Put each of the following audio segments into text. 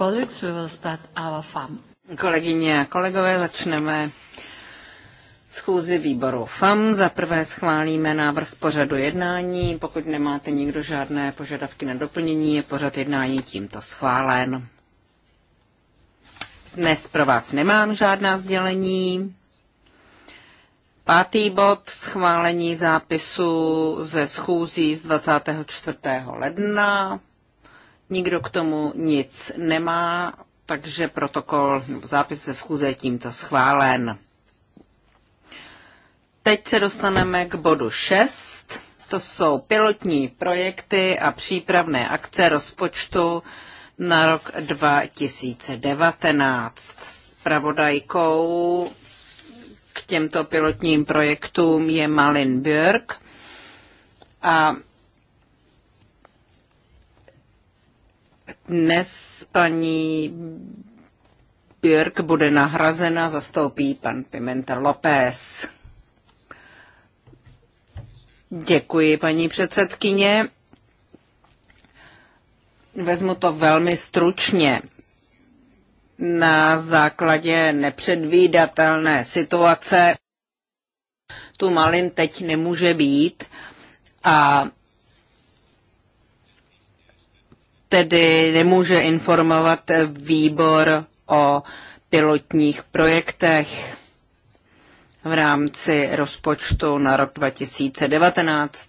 colleagues, we will start our farm. Kolegyně a kolegové, začneme schůzi výboru FAM. Za prvé schválíme návrh pořadu jednání. Pokud nemáte nikdo žádné požadavky na doplnění, je pořad jednání tímto schválen. Dnes pro vás nemám žádná sdělení. Pátý bod schválení zápisu ze schůzí z 24. ledna. Nikdo k tomu nic nemá, takže protokol nebo zápis se schůze je tímto schválen. Teď se dostaneme k bodu 6. To jsou pilotní projekty a přípravné akce rozpočtu na rok 2019. s pravodajkou k těmto pilotním projektům je Malin Björk a Dnes paní Björk bude nahrazena, zastoupí pan Pimenta López. Děkuji, paní předsedkyně. Vezmu to velmi stručně. Na základě nepředvídatelné situace tu Malin teď nemůže být a tedy nemůže informovat výbor o pilotních projektech v rámci rozpočtu na rok 2019.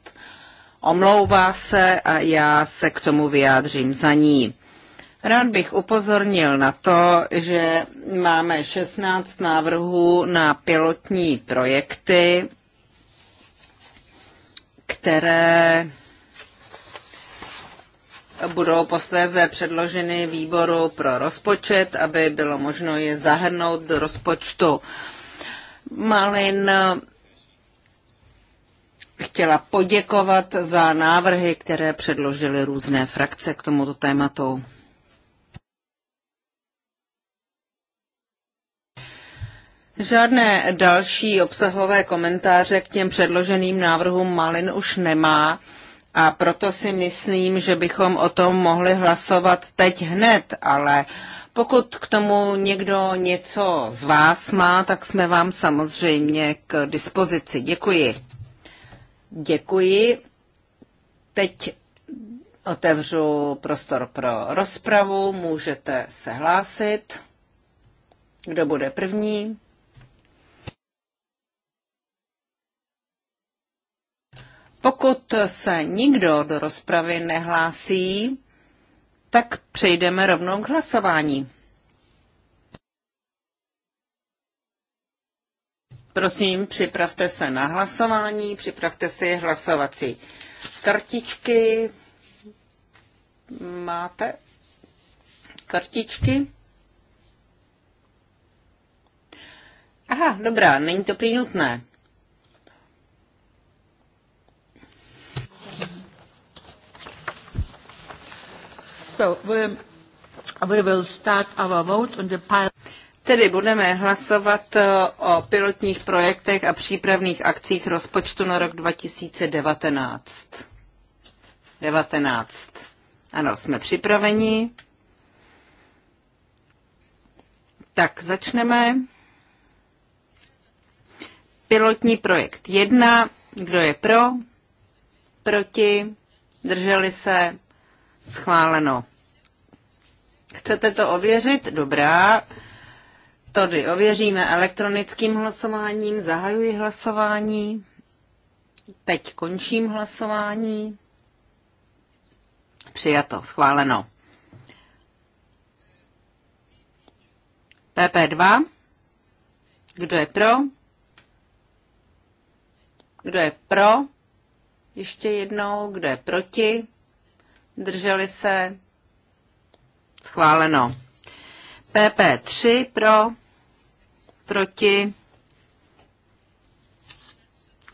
Omlouvá se a já se k tomu vyjádřím za ní. Rád bych upozornil na to, že máme 16 návrhů na pilotní projekty, které budou posléze předloženy výboru pro rozpočet, aby bylo možno je zahrnout do rozpočtu. Malin chtěla poděkovat za návrhy, které předložily různé frakce k tomuto tématu. Žádné další obsahové komentáře k těm předloženým návrhům Malin už nemá. A proto si myslím, že bychom o tom mohli hlasovat teď hned, ale pokud k tomu někdo něco z vás má, tak jsme vám samozřejmě k dispozici. Děkuji. Děkuji. Teď otevřu prostor pro rozpravu. Můžete se hlásit. Kdo bude první? Pokud se nikdo do rozpravy nehlásí, tak přejdeme rovnou k hlasování. Prosím, připravte se na hlasování, připravte si hlasovací kartičky. Máte kartičky? Aha, dobrá, není to prý nutné. Tedy budeme hlasovat eh, o pilotních projektech a přípravných akcích rozpočtu na rok 2019. 19. Ano, jsme připraveni. Tak začneme. Pilotní projekt 1. Kdo je pro? Proti? Drželi se? Schváleno. Chcete to ověřit? Dobrá. Tady ověříme elektronickým hlasováním. Zahajuji hlasování. Teď končím hlasování. Přijato, schváleno. PP2. Kdo je pro? Kdo je pro? Ještě jednou. Kdo je proti? Drželi se? Schváleno. PP3 pro, proti,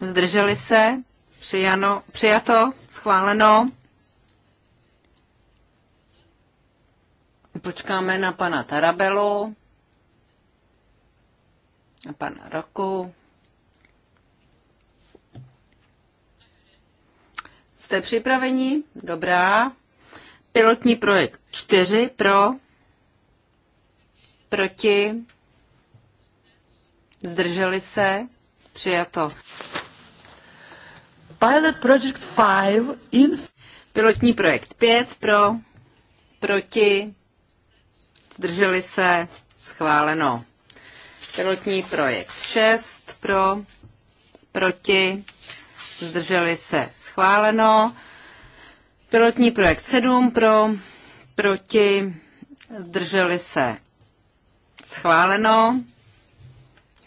zdrželi se, přijano, přijato, schváleno. Počkáme na pana Tarabelu, na pana Roku. Jste připraveni? Dobrá. Pilotní projekt čtyři pro, proti, zdrželi se, přijato. Pilot Project five in... Pilotní projekt pět pro, proti, zdrželi se, schváleno. Pilotní projekt šest pro, proti, zdrželi se, schváleno. Pilotní projekt 7 pro, proti, zdrželi se. Schváleno.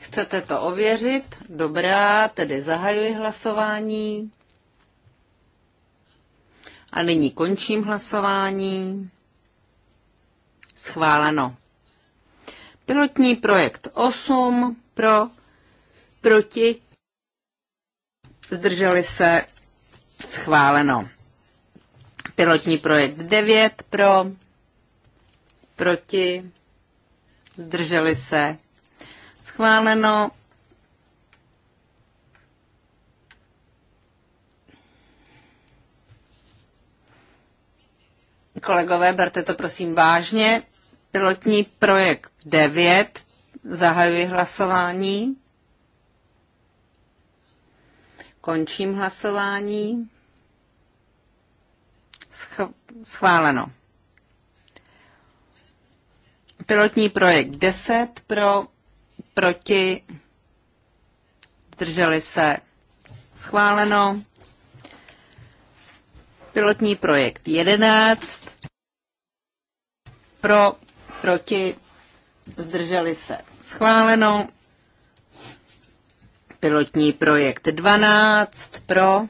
Chcete to ověřit? Dobrá, tedy zahajuji hlasování. A nyní končím hlasování. Schváleno. Pilotní projekt 8 pro, proti, zdrželi se, schváleno. Pilotní projekt 9 pro, proti, zdrželi se. Schváleno. Kolegové, berte to prosím vážně. Pilotní projekt 9. Zahajuji hlasování. Končím hlasování schváleno. Pilotní projekt 10 pro, proti, zdrželi se, schváleno. Pilotní projekt 11 pro, proti, zdrželi se, schváleno. Pilotní projekt 12 pro,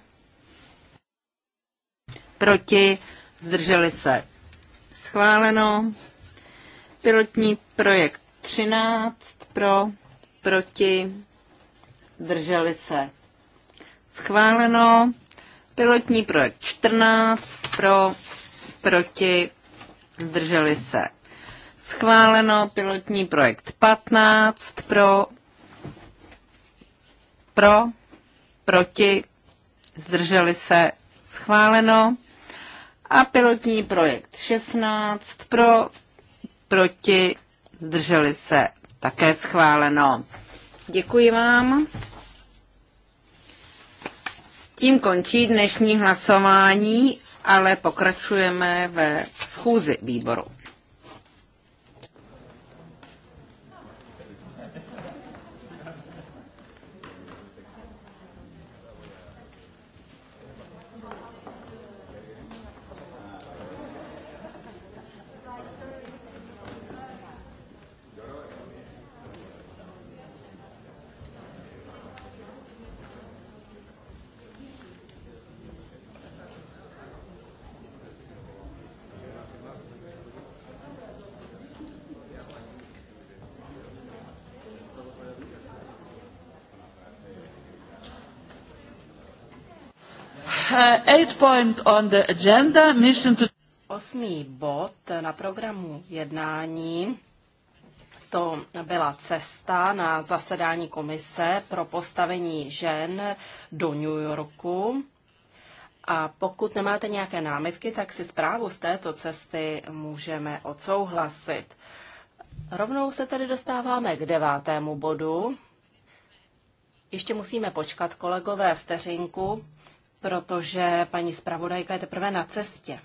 proti, zdrželi se. Schváleno. Pilotní projekt 13 pro, proti, zdrželi se. Schváleno. Pilotní projekt 14 pro, proti, zdrželi se. Schváleno pilotní projekt 15 pro, pro, proti, zdrželi se. Schváleno a pilotní projekt 16 pro, proti, zdrželi se, také schváleno. Děkuji vám. Tím končí dnešní hlasování, ale pokračujeme ve schůzi výboru. Uh, Osmý bod na programu jednání to byla cesta na zasedání komise pro postavení žen do New Yorku. A pokud nemáte nějaké námitky, tak si zprávu z této cesty můžeme odsouhlasit. Rovnou se tedy dostáváme k devátému bodu. Ještě musíme počkat, kolegové, vteřinku, protože paní zpravodajka je teprve na cestě.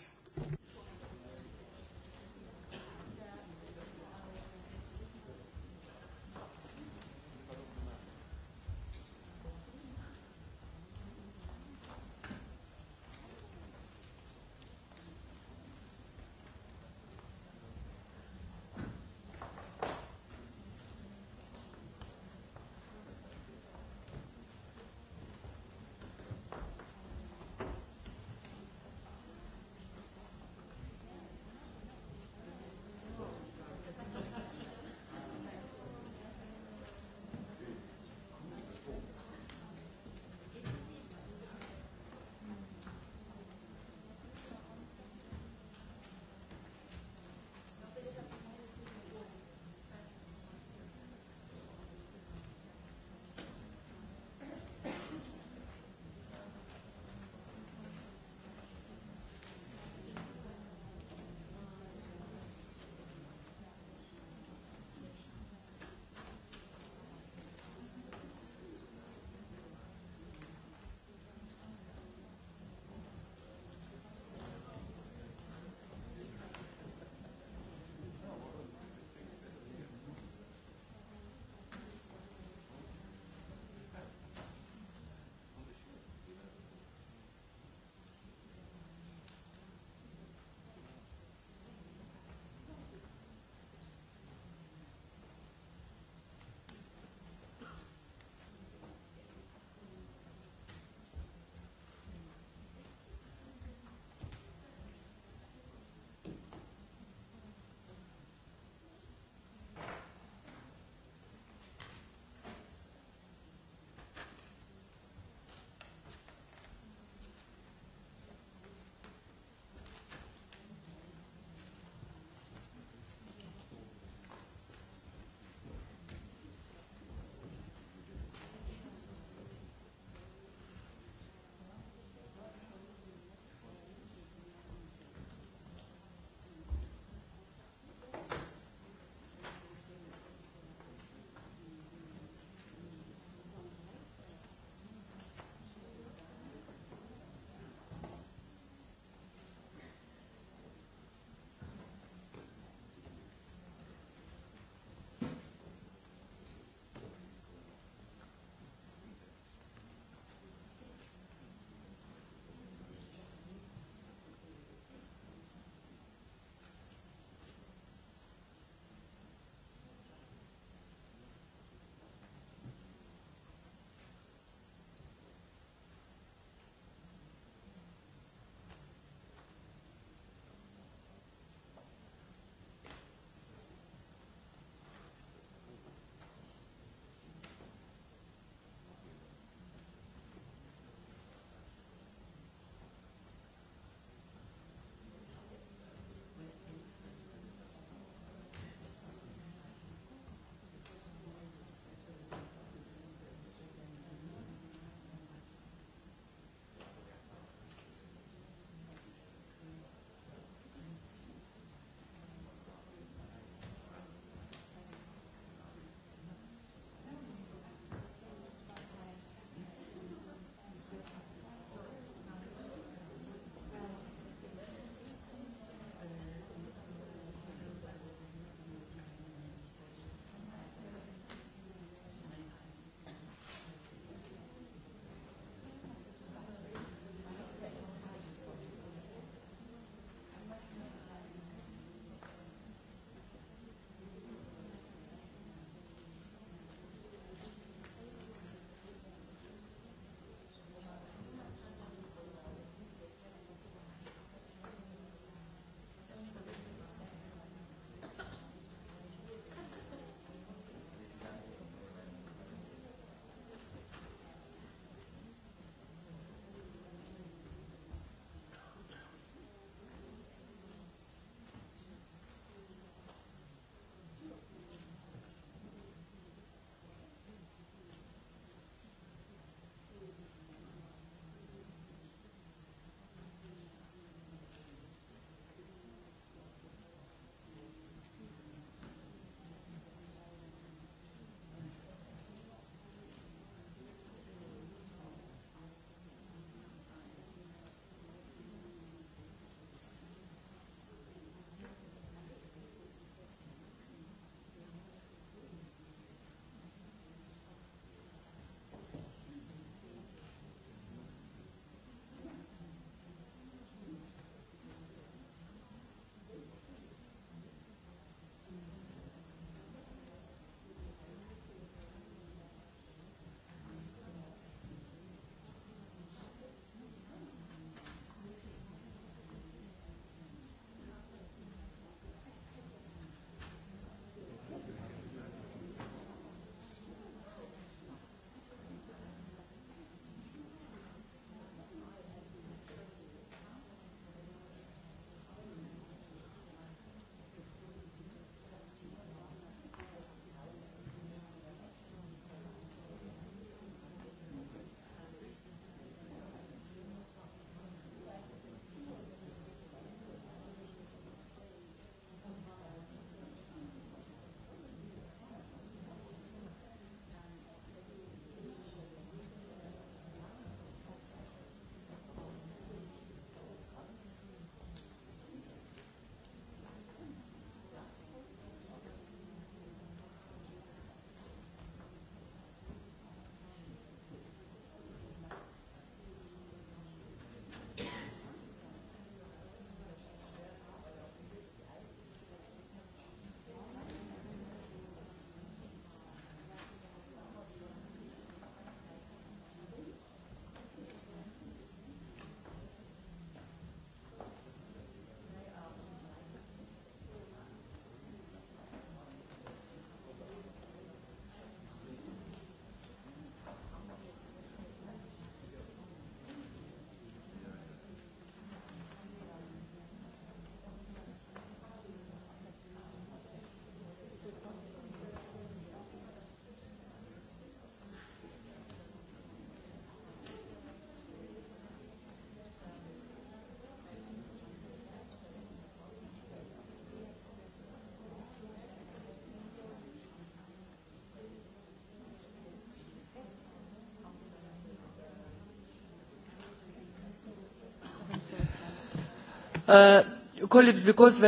Uh,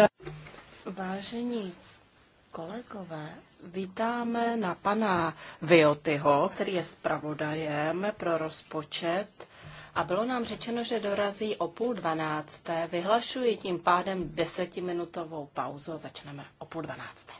Vážení kolegové, vítáme na pana Viotyho, který je zpravodajem pro rozpočet a bylo nám řečeno, že dorazí o půl dvanácté. Vyhlašuji tím pádem desetiminutovou pauzu a začneme o půl dvanácté.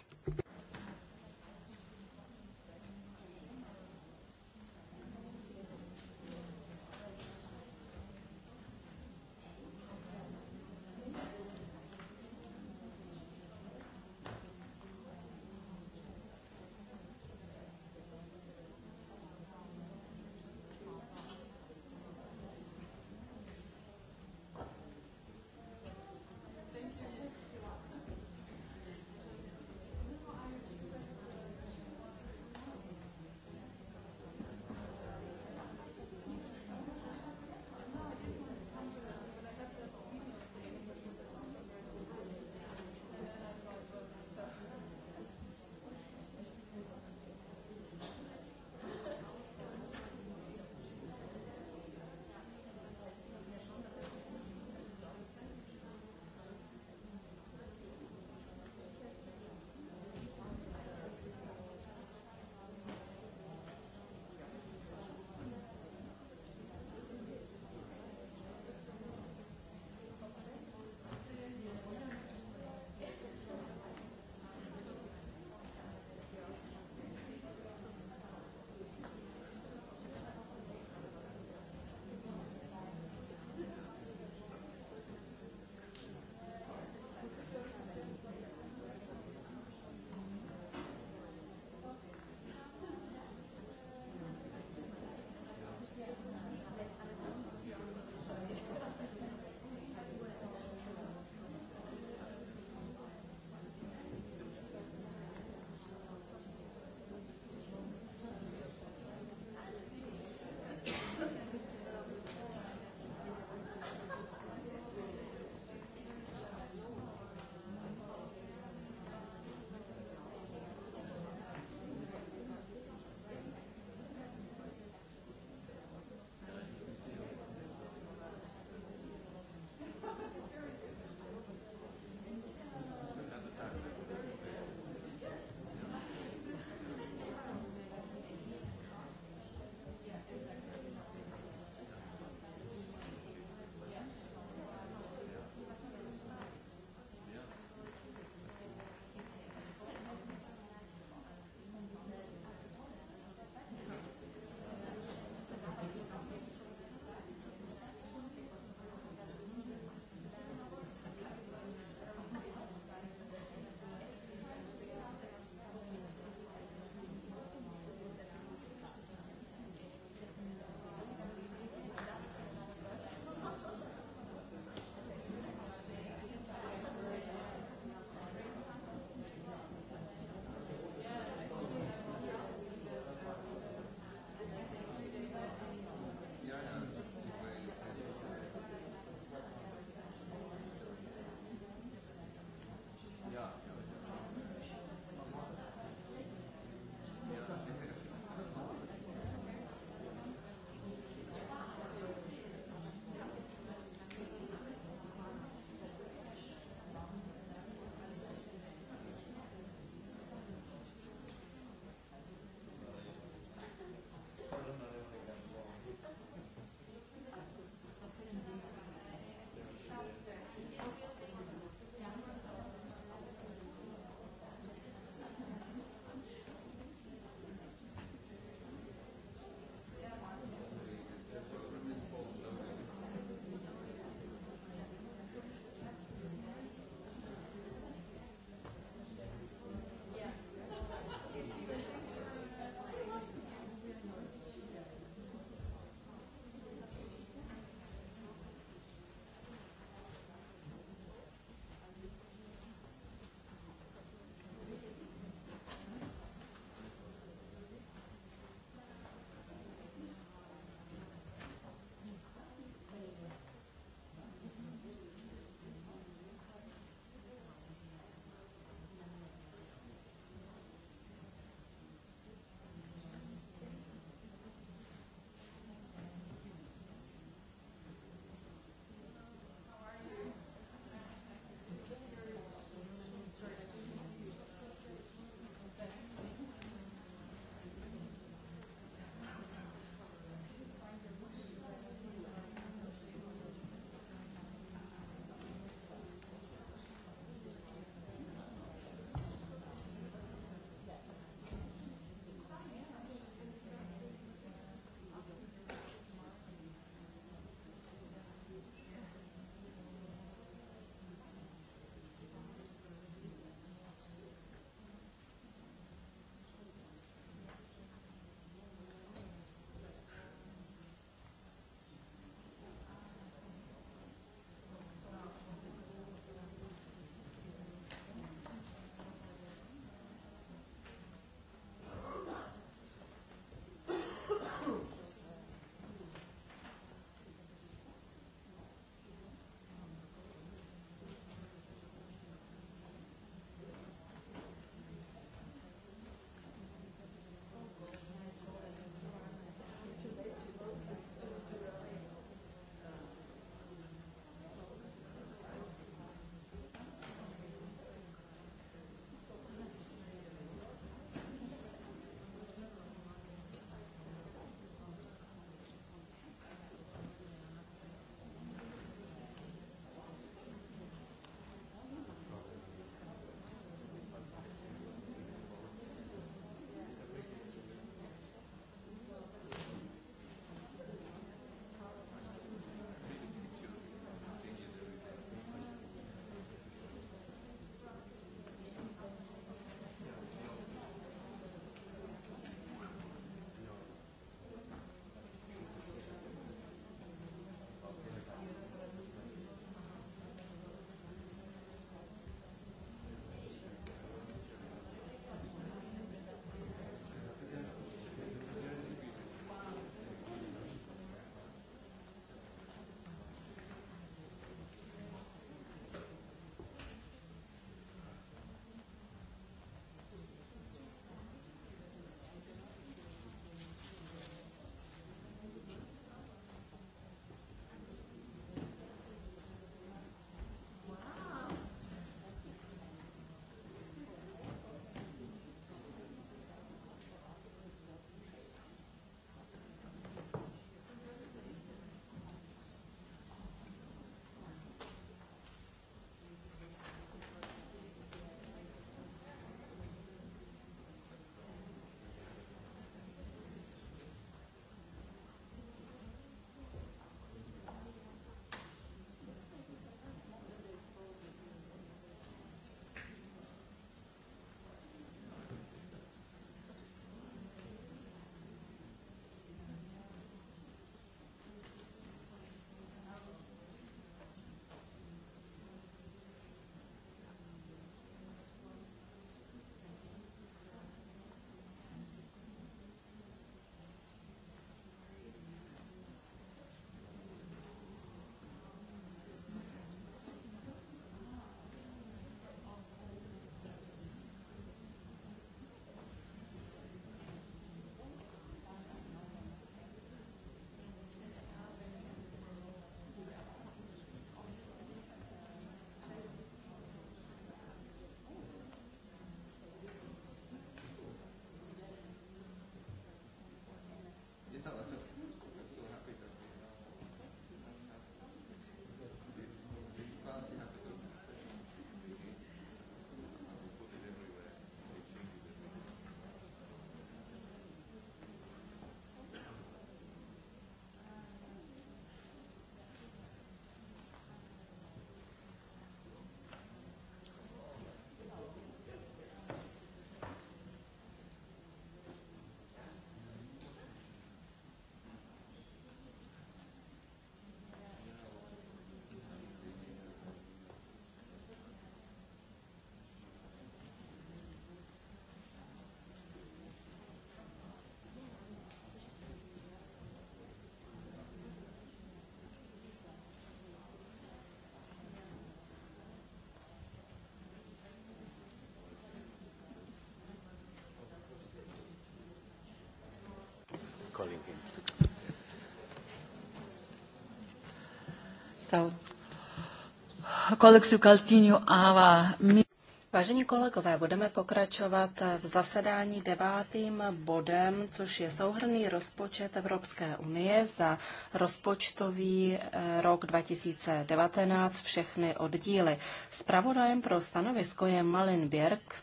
Vážení kolegové, budeme pokračovat v zasedání devátým bodem, což je souhrný rozpočet Evropské unie za rozpočtový eh, rok 2019 všechny oddíly. Spravodajem pro stanovisko je Malin Birk,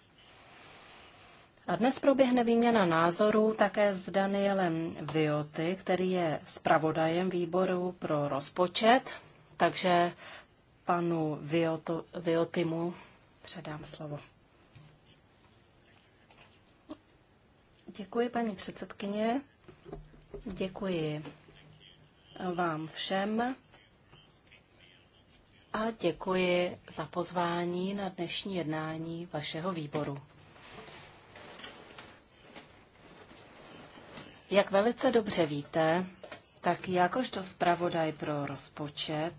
a dnes proběhne výměna názorů také s Danielem Vioty, který je zpravodajem výboru pro rozpočet, takže panu Vioto, Viotimu předám slovo. Děkuji, paní předsedkyně. Děkuji vám všem a děkuji za pozvání na dnešní jednání vašeho výboru. Jak velice dobře víte, tak jakožto zpravodaj pro rozpočet,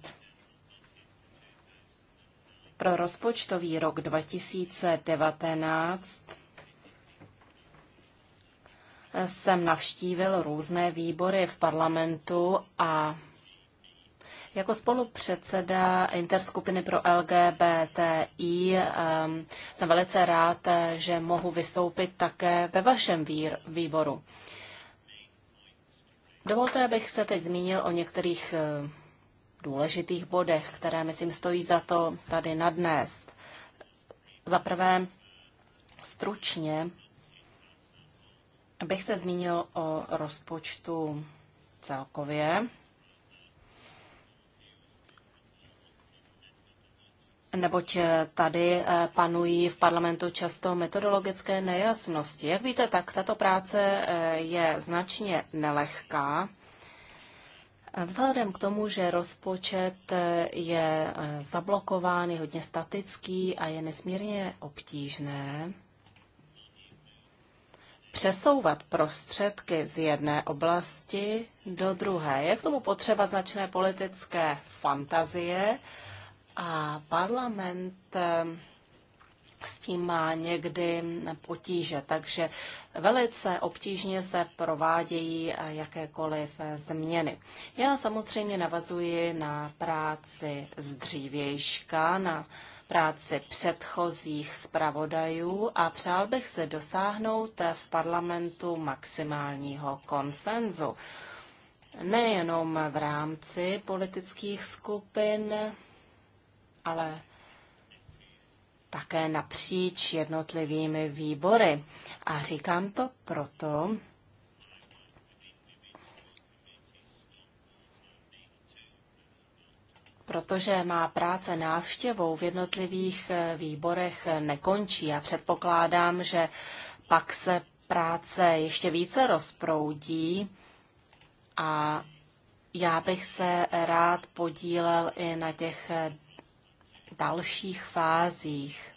pro rozpočtový rok 2019 jsem navštívil různé výbory v parlamentu a jako spolupředseda interskupiny pro LGBTI ehm, jsem velice rád, že mohu vystoupit také ve vašem výboru. Dovolte, abych se teď zmínil o některých eh, důležitých bodech, které, myslím, stojí za to tady nadnést. Za prvé, stručně bych se zmínil o rozpočtu celkově neboť eh, tady eh, panují v parlamentu často metodologické nejasnosti. Jak víte, tak tato práce eh, je značně nelehká. Vzhledem k tomu, že rozpočet je zablokován, je hodně statický a je nesmírně obtížné přesouvat prostředky z jedné oblasti do druhé. Je k tomu potřeba značné politické fantazie, a parlament eh, s tím má někdy potíže, takže velice obtížně se provádějí eh, jakékoliv eh, změny. Já samozřejmě navazuji na práci z dřívějška, na práci předchozích zpravodajů a přál bych se dosáhnout v parlamentu maximálního konsenzu. Nejenom v rámci politických skupin, ale také napříč jednotlivými výbory. A říkám to proto, protože má práce návštěvou v jednotlivých eh, výborech eh, nekončí a předpokládám, že pak se práce ještě více rozproudí a já bych se rád podílel i na těch dalších fázích.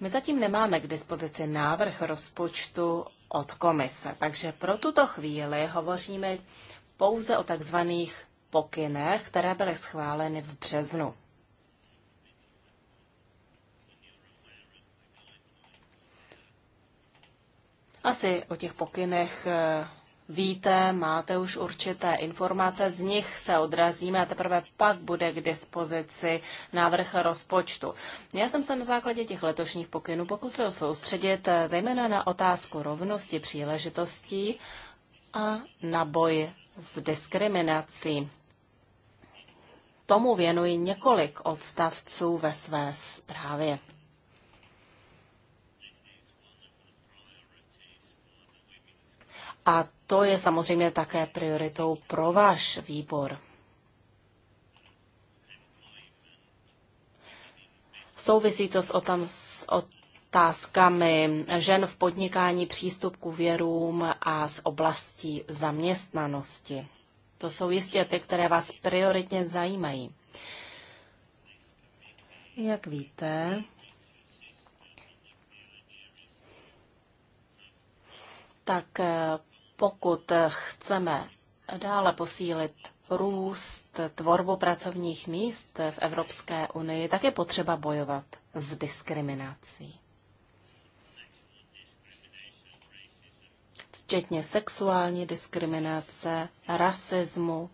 My zatím nemáme k dispozici návrh rozpočtu od komise, takže pro tuto chvíli hovoříme pouze o takzvaných pokynech, které byly schváleny v březnu. Asi o těch pokynech eh, víte, máte už určité informace, z nich se odrazíme a teprve pak bude k dispozici návrh rozpočtu. Já jsem se na základě těch letošních pokynů pokusil soustředit eh, zejména na otázku rovnosti příležitostí a na boj s diskriminací. Tomu věnuji několik odstavců ve své zprávě. A to je samozřejmě také prioritou pro váš výbor. Souvisí to s, s otázkami žen v podnikání, přístup k věrům a s oblastí zaměstnanosti. To jsou jistě ty, které vás prioritně zajímají. Jak víte, tak pokud chceme dále posílit růst, tvorbu pracovních míst v Evropské unii, tak je potřeba bojovat s diskriminací. Včetně sexuální diskriminace, rasismu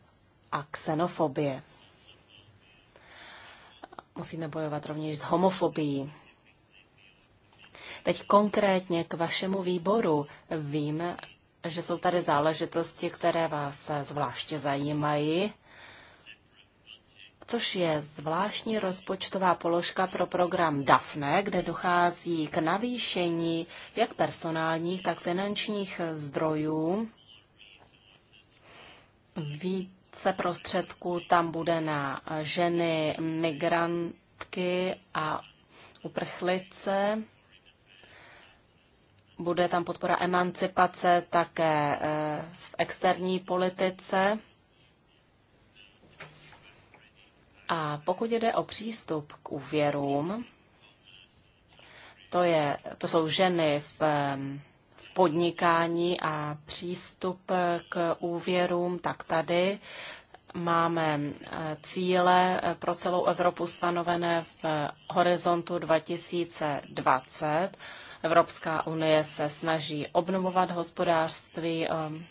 a xenofobie. Musíme bojovat rovněž s homofobií. Teď konkrétně k vašemu výboru. Vím, že jsou tady záležitosti, které vás zvláště zajímají, což je zvláštní rozpočtová položka pro program DAFNE, kde dochází k navýšení jak personálních, tak finančních zdrojů. Více prostředků tam bude na ženy migrantky a uprchlice. Bude tam podpora emancipace také eh, v externí politice. A pokud jde o přístup k úvěrům, to, je, to jsou ženy v, v podnikání a přístup k úvěrům, tak tady máme eh, cíle eh, pro celou Evropu stanovené v horizontu 2020. Evropská unie se snaží obnovovat hospodářství ehm,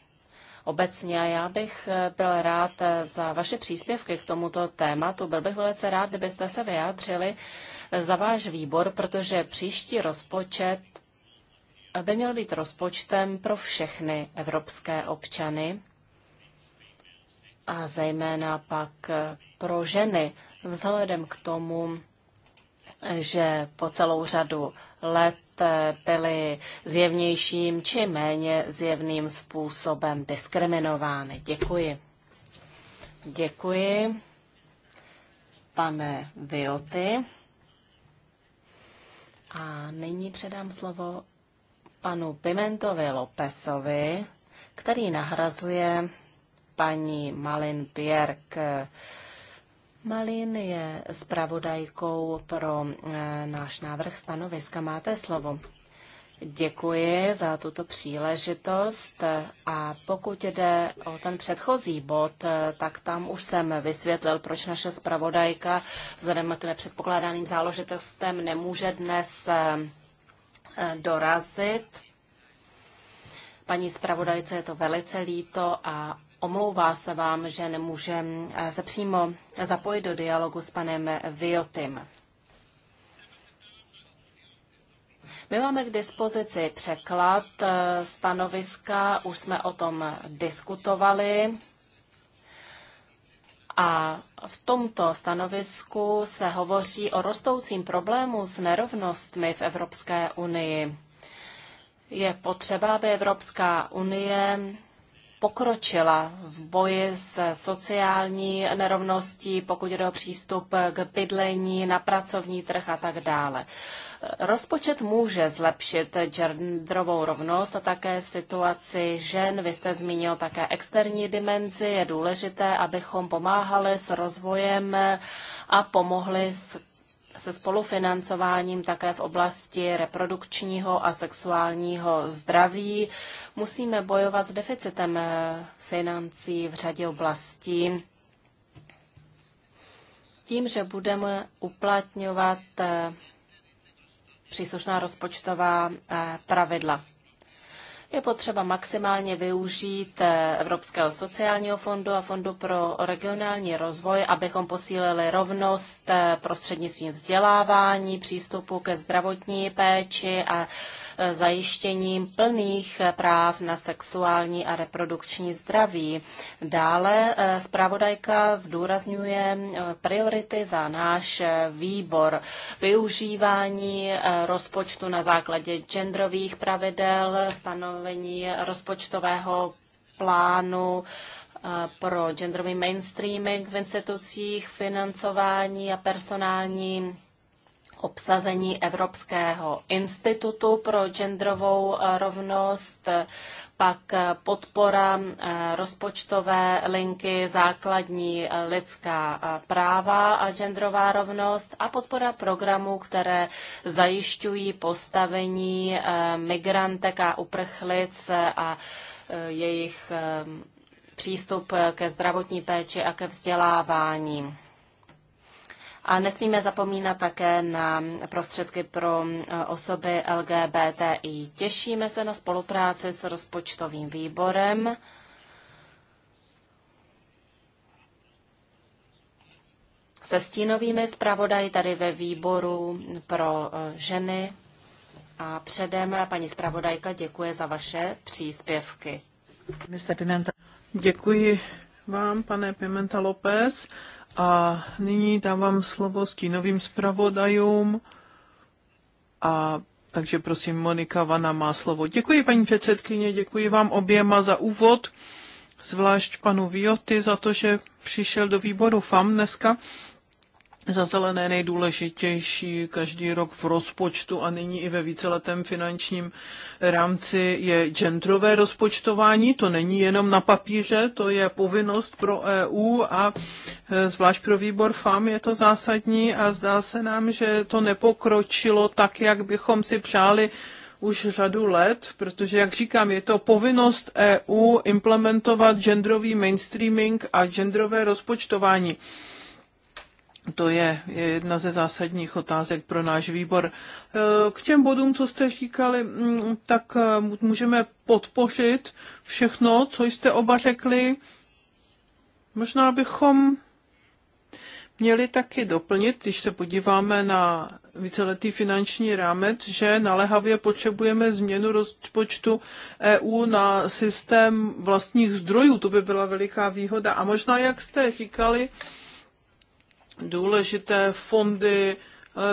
obecně a já bych eh, byl rád za vaše příspěvky k tomuto tématu. Byl bych velice rád, kdybyste se vyjádřili za váš výbor, protože příští rozpočet by měl být rozpočtem pro všechny evropské občany a zejména pak eh, pro ženy, vzhledem k tomu, že po celou řadu let eh, byly zjevnějším či méně zjevným způsobem diskriminovány. Děkuji. Děkuji, pane Vioty. A nyní předám slovo panu Pimentovi Lopesovi, který nahrazuje paní Malin Pierk. Malin je zpravodajkou pro eh, náš návrh stanoviska. Máte slovo. Děkuji za tuto příležitost a pokud jde o ten předchozí bod, eh, tak tam už jsem vysvětlil, proč naše zpravodajka vzhledem k nepředpokládaným záložitostem nemůže dnes eh, dorazit. Paní zpravodajce je to velice líto a omlouvá se vám, že nemůže eh, se přímo zapojit do dialogu s panem Viotym. My máme k dispozici překlad eh, stanoviska, už jsme o tom diskutovali. A v tomto stanovisku se hovoří o rostoucím problému s nerovnostmi v Evropské unii. Je potřeba, aby Evropská unie pokročila v boji s sociální nerovností, pokud jde o přístup k bydlení, na pracovní trh a tak dále. Rozpočet může zlepšit genderovou rovnost a také situaci žen. Vy jste zmínil také externí dimenzi. Je důležité, abychom pomáhali s rozvojem a pomohli s se spolufinancováním také v oblasti reprodukčního a sexuálního zdraví. Musíme bojovat s deficitem eh, financí v řadě oblastí tím, že budeme uplatňovat eh, příslušná rozpočtová eh, pravidla. Je potřeba maximálně využít eh, Evropského sociálního fondu a Fondu pro regionální rozvoj, abychom posílili rovnost eh, prostřednictvím vzdělávání, přístupu ke zdravotní péči a zajištěním plných práv na sexuální a reprodukční zdraví. Dále eh, zpravodajka zdůrazňuje eh, priority za náš eh, výbor. Využívání rozpočtu na základě genderových pravidel, stanovení rozpočtového plánu, pro genderový mainstreaming v institucích, financování a personální obsazení Evropského institutu pro genderovou eh, rovnost, pak eh, podpora eh, rozpočtové linky základní lidská práva a genderová rovnost a podpora programů, které zajišťují postavení migrantek a uprchlic a jejich přístup ke zdravotní péči a ke vzdělávání. A nesmíme zapomínat také na prostředky pro e, osoby LGBTI. Těšíme se na spolupráci s rozpočtovým výborem. se stínovými zpravodaji tady ve výboru pro e, ženy. A předem, paní zpravodajka, děkuje za vaše příspěvky. Děkuji vám, pane Pimenta López. A nyní dávám slovo stínovým zpravodajům. A takže prosím, Monika Vana má slovo. Děkuji, paní předsedkyně, děkuji vám oběma za úvod, zvlášť panu Vioty za to, že přišel do výboru FAM dneska za zelené nejdůležitější každý rok v rozpočtu a nyní i ve víceletém finančním rámci je genderové rozpočtování. To není jenom na papíře, to je povinnost pro EU a e, zvlášť pro výbor FAM je to zásadní a zdá se nám, že to nepokročilo tak, jak bychom si přáli už řadu let, protože, jak říkám, je to povinnost EU implementovat genderový mainstreaming a genderové rozpočtování. To je jedna ze zásadních otázek pro náš výbor. E, k těm bodům, co jste říkali, mm, tak e, můžeme podpořit všechno, co jste oba řekli. Možná bychom měli taky doplnit, když se podíváme na víceletý finanční rámec, že naléhavě potřebujeme změnu rozpočtu EU na systém vlastních zdrojů. To by byla veliká výhoda. A možná, jak jste říkali, důležité fondy,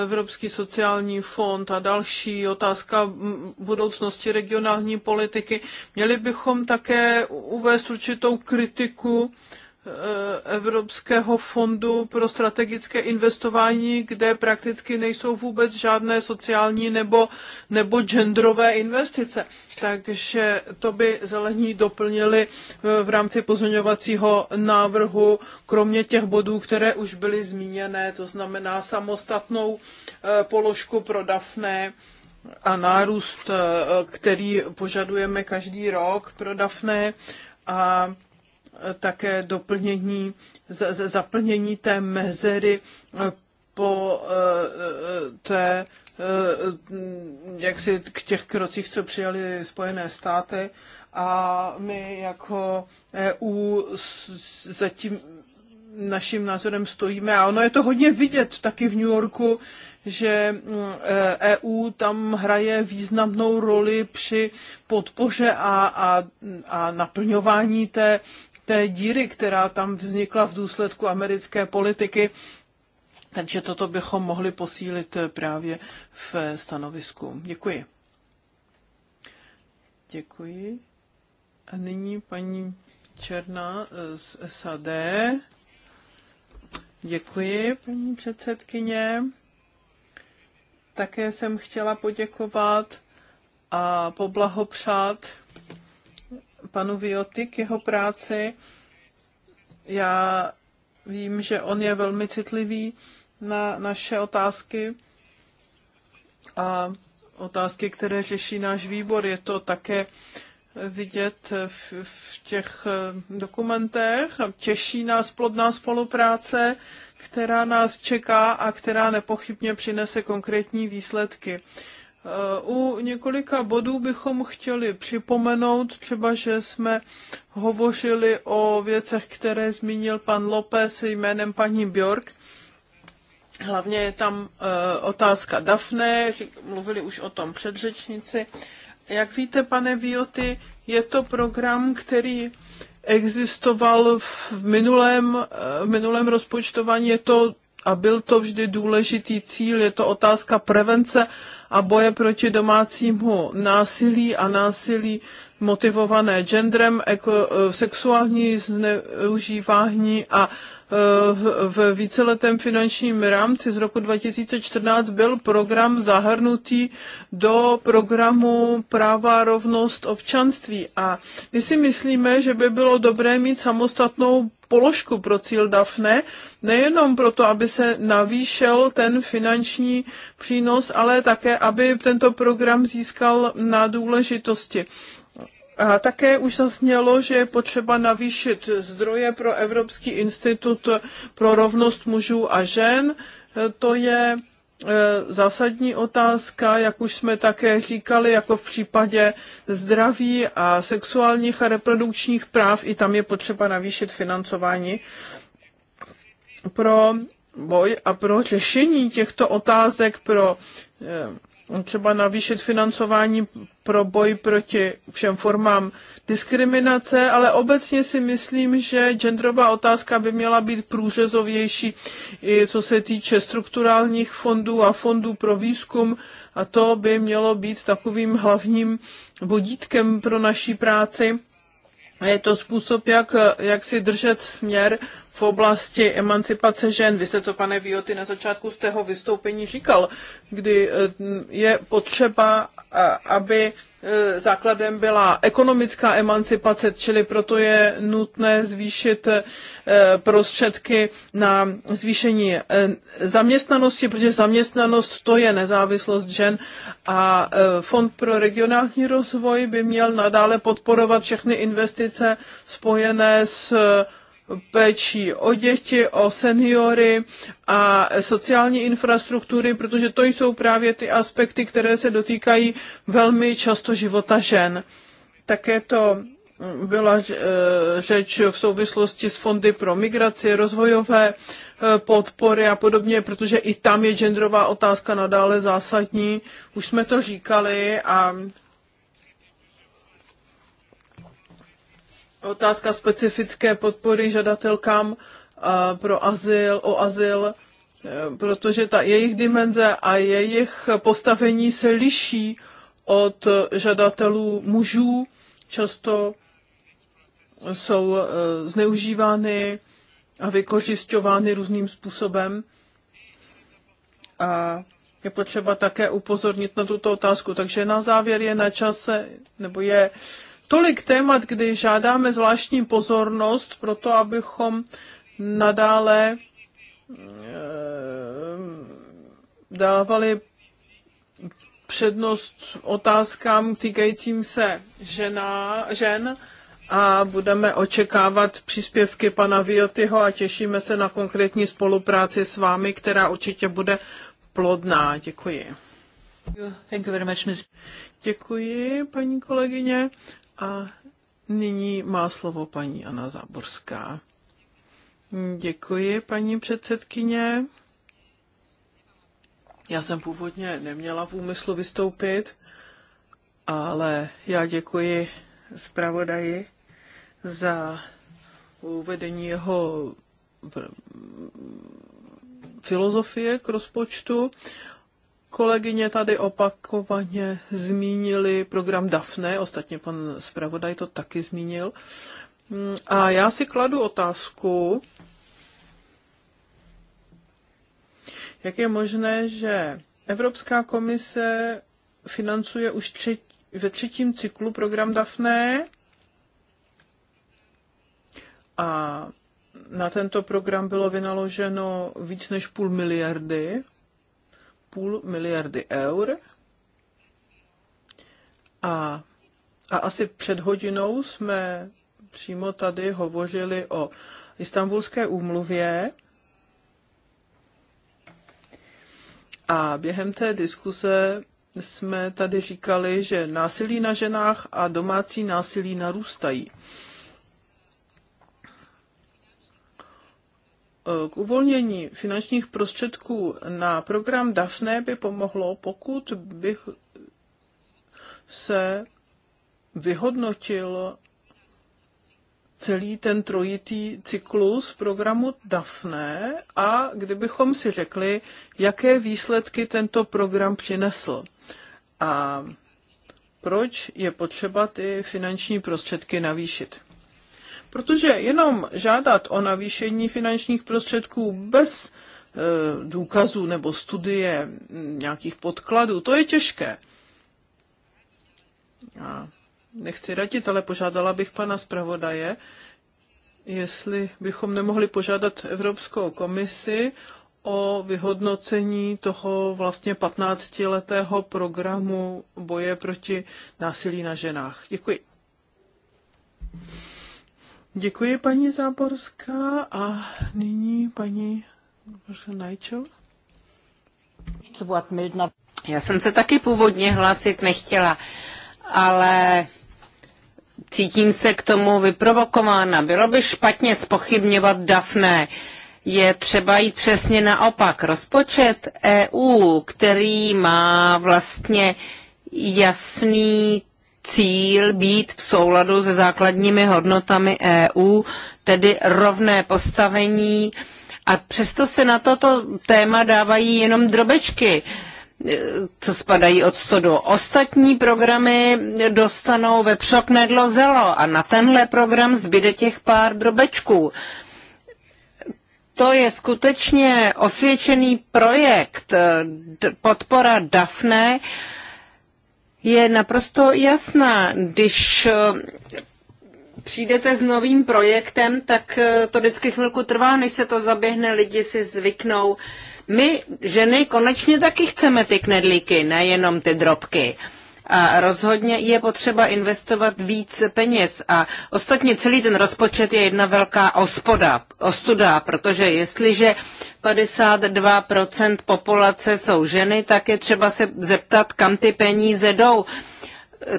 Evropský sociální fond a další otázka budoucnosti regionální politiky. Měli bychom také uvést určitou kritiku Eh, Evropského fondu pro strategické investování, kde prakticky nejsou vůbec žádné sociální nebo, nebo genderové investice. Takže to by zelení doplnili eh, v rámci pozměňovacího návrhu, kromě těch bodů, které už byly zmíněné, to znamená samostatnou eh, položku pro DAFNE, a nárůst, který požadujeme každý rok pro DAFNE a také doplnění, zaplnění té mezery eh, po eh, té, eh, jak si k těch krocích, co přijali Spojené státy a my jako EU zatím naším názorem stojíme. A ono je to hodně vidět taky v New Yorku, že EU e tam hraje významnou roli při podpoře a, a, a naplňování té té díry, která tam vznikla v důsledku americké politiky. Takže toto bychom mohli posílit právě v stanovisku. Děkuji. Děkuji. A nyní paní Černá z SAD. Děkuji, paní předsedkyně. Také jsem chtěla poděkovat a poblahopřát panu Vioty k jeho práci. Já vím, že on je velmi citlivý na naše otázky a otázky, které řeší náš výbor. Je to také vidět v, v těch eh, dokumentech. Těší nás plodná spolupráce, která nás čeká a která nepochybně přinese konkrétní výsledky. Eh, u několika bodů bychom chtěli připomenout, třeba, že jsme hovořili o věcech, které zmínil pan López jménem paní Bjork. Hlavně je tam eh, otázka Dafne, mluvili už o tom předřečnici. Jak víte, pane Vioty, je to program, který existoval v minulém, v eh, minulém rozpočtování. Je to a byl to vždy důležitý cíl. Je to otázka prevence a boje proti domácímu násilí a násilí motivované genderem, sexuální zneužívání a Eh, v víceletém finančním rámci z roku 2014 byl program zahrnutý do programu práva rovnost občanství. A my si myslíme, že by bylo dobré mít samostatnou položku pro cíl DAFNE, nejenom proto, aby se navýšel ten finanční přínos, ale také, aby tento program získal na důležitosti. A také už zaznělo, že je potřeba navýšit zdroje pro Evropský institut pro rovnost mužů a žen. To je e, zásadní otázka, jak už jsme také říkali, jako v případě zdraví a sexuálních a reprodukčních práv, i tam je potřeba navýšit financování pro boj a pro řešení těchto otázek pro e, třeba navýšit financování pro boj proti všem formám diskriminace, ale obecně si myslím, že genderová otázka by měla být průřezovější, i co se týče strukturálních fondů a fondů pro výzkum, a to by mělo být takovým hlavním vodítkem pro naší práci. A je to způsob, jak, jak si držet směr v oblasti emancipace žen. Vy jste to, pane Vioty, na začátku z tého vystoupení říkal, kdy eh, je potřeba, eh, aby eh, základem byla ekonomická emancipace, čili proto je nutné zvýšit prostředky na zvýšení zaměstnanosti, protože zaměstnanost to je nezávislost žen a Fond pro regionální rozvoj by měl nadále podporovat všechny investice spojené s péčí o děti, o seniory a sociální infrastruktury, protože to jsou právě ty aspekty, které se dotýkají velmi často života žen. Také to byla eh, řeč v souvislosti s fondy pro migraci, rozvojové eh, podpory a podobně, protože i tam je genderová otázka nadále zásadní. Už jsme to říkali a otázka specifické podpory žadatelkám eh, pro azyl, o azyl, eh, protože ta jejich dimenze a jejich postavení se liší od žadatelů mužů. Často jsou eh, zneužívány a vykořišťovány různým způsobem. A je potřeba také upozornit na tuto otázku. Takže na závěr je na čase, nebo je tolik témat, kdy žádáme zvláštní pozornost pro to, abychom nadále eh, dávali přednost otázkám týkajícím se žena, žen a budeme očekávat příspěvky pana Viotyho a těšíme se na konkrétní spolupráci s vámi, která určitě bude plodná. Děkuji. Děkuji, paní kolegyně. A nyní má slovo paní Anna Záborská. Děkuji, paní předsedkyně. Já jsem původně neměla v úmyslu vystoupit, ale já děkuji zpravodaji za uvedení jeho filozofie k rozpočtu Kolegyně tady opakovaně zmínili program DAFNE, ostatně pan zpravodaj to taky zmínil. Mm, a já si kladu otázku, jak je možné, že Evropská komise financuje už třetí, ve třetím cyklu program DAFNE a na tento program bylo vynaloženo víc než půl miliardy půl miliardy eur a, a asi před hodinou jsme přímo tady hovořili o istambulské úmluvě a během té diskuse jsme tady říkali, že násilí na ženách a domácí násilí narůstají. K uvolnění finančních prostředků na program DAFNE by pomohlo, pokud bych se vyhodnotil celý ten trojitý cyklus programu DAFNE a kdybychom si řekli, jaké výsledky tento program přinesl a proč je potřeba ty finanční prostředky navýšit protože jenom žádat o navýšení finančních prostředků bez e, důkazů nebo studie nějakých podkladů, to je těžké. A nechci radit, ale požádala bych pana zpravodaje, jestli bychom nemohli požádat Evropskou komisi o vyhodnocení toho vlastně 15-letého programu boje proti násilí na ženách. Děkuji. Děkuji paní Záborská a nyní paní Najčel. Já jsem se taky původně hlásit nechtěla, ale cítím se k tomu vyprovokována. Bylo by špatně spochybňovat Dafne. Je třeba jít přesně naopak. Rozpočet EU, který má vlastně jasný cíl být v souladu se základními hodnotami EU, tedy rovné postavení. A přesto se na toto téma dávají jenom drobečky, e, co spadají od stodu. Ostatní programy dostanou ve nedlo zelo a na tenhle program zbyde těch pár drobečků. To je skutečně osvědčený projekt e, podpora DAFNE, je naprosto jasná. Když eh, přijdete s novým projektem, tak eh, to vždycky chvilku trvá, než se to zaběhne, lidi si zvyknou. My, ženy, konečně taky chceme ty knedlíky, nejenom ty drobky. Uh, a rozhodně je potřeba investovat víc peněz. A ostatně celý ten rozpočet je jedna velká ospoda, ostuda, protože jestliže 52% populace jsou ženy, tak je třeba se zeptat, kam ty peníze jdou.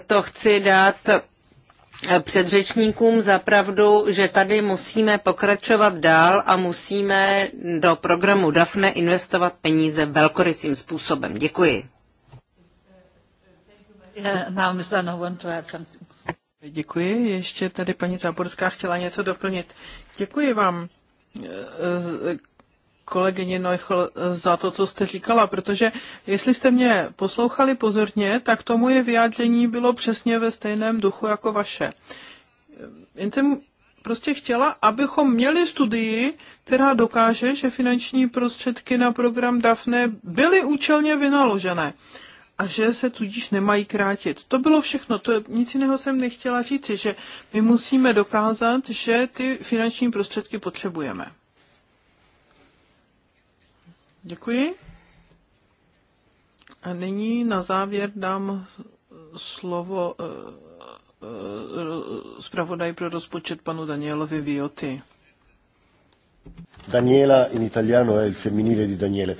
To chci dát eh, předřečníkům za pravdu, že tady musíme pokračovat dál a musíme do programu DAFNE investovat peníze velkorysým způsobem. Děkuji. Děkuji. Ještě tady paní Záborská chtěla něco doplnit. Děkuji vám eh, kolegyně Neuchl za to, co jste říkala, protože jestli jste mě poslouchali pozorně, tak to moje vyjádření bylo přesně ve stejném duchu jako vaše. Jen jsem prostě chtěla, abychom měli studii, která dokáže, že finanční prostředky na program DAFNE byly účelně vynaložené a že se tudíž nemají krátit. To bylo všechno, to nic jiného jsem nechtěla říci, že my musíme dokázat, že ty finanční prostředky potřebujeme. Děkuji. A nyní na závěr dám slovo eh, eh, zpravodaj pro rozpočet panu Danielovi Vioty. Daniela in italiano è il femminile di Daniele.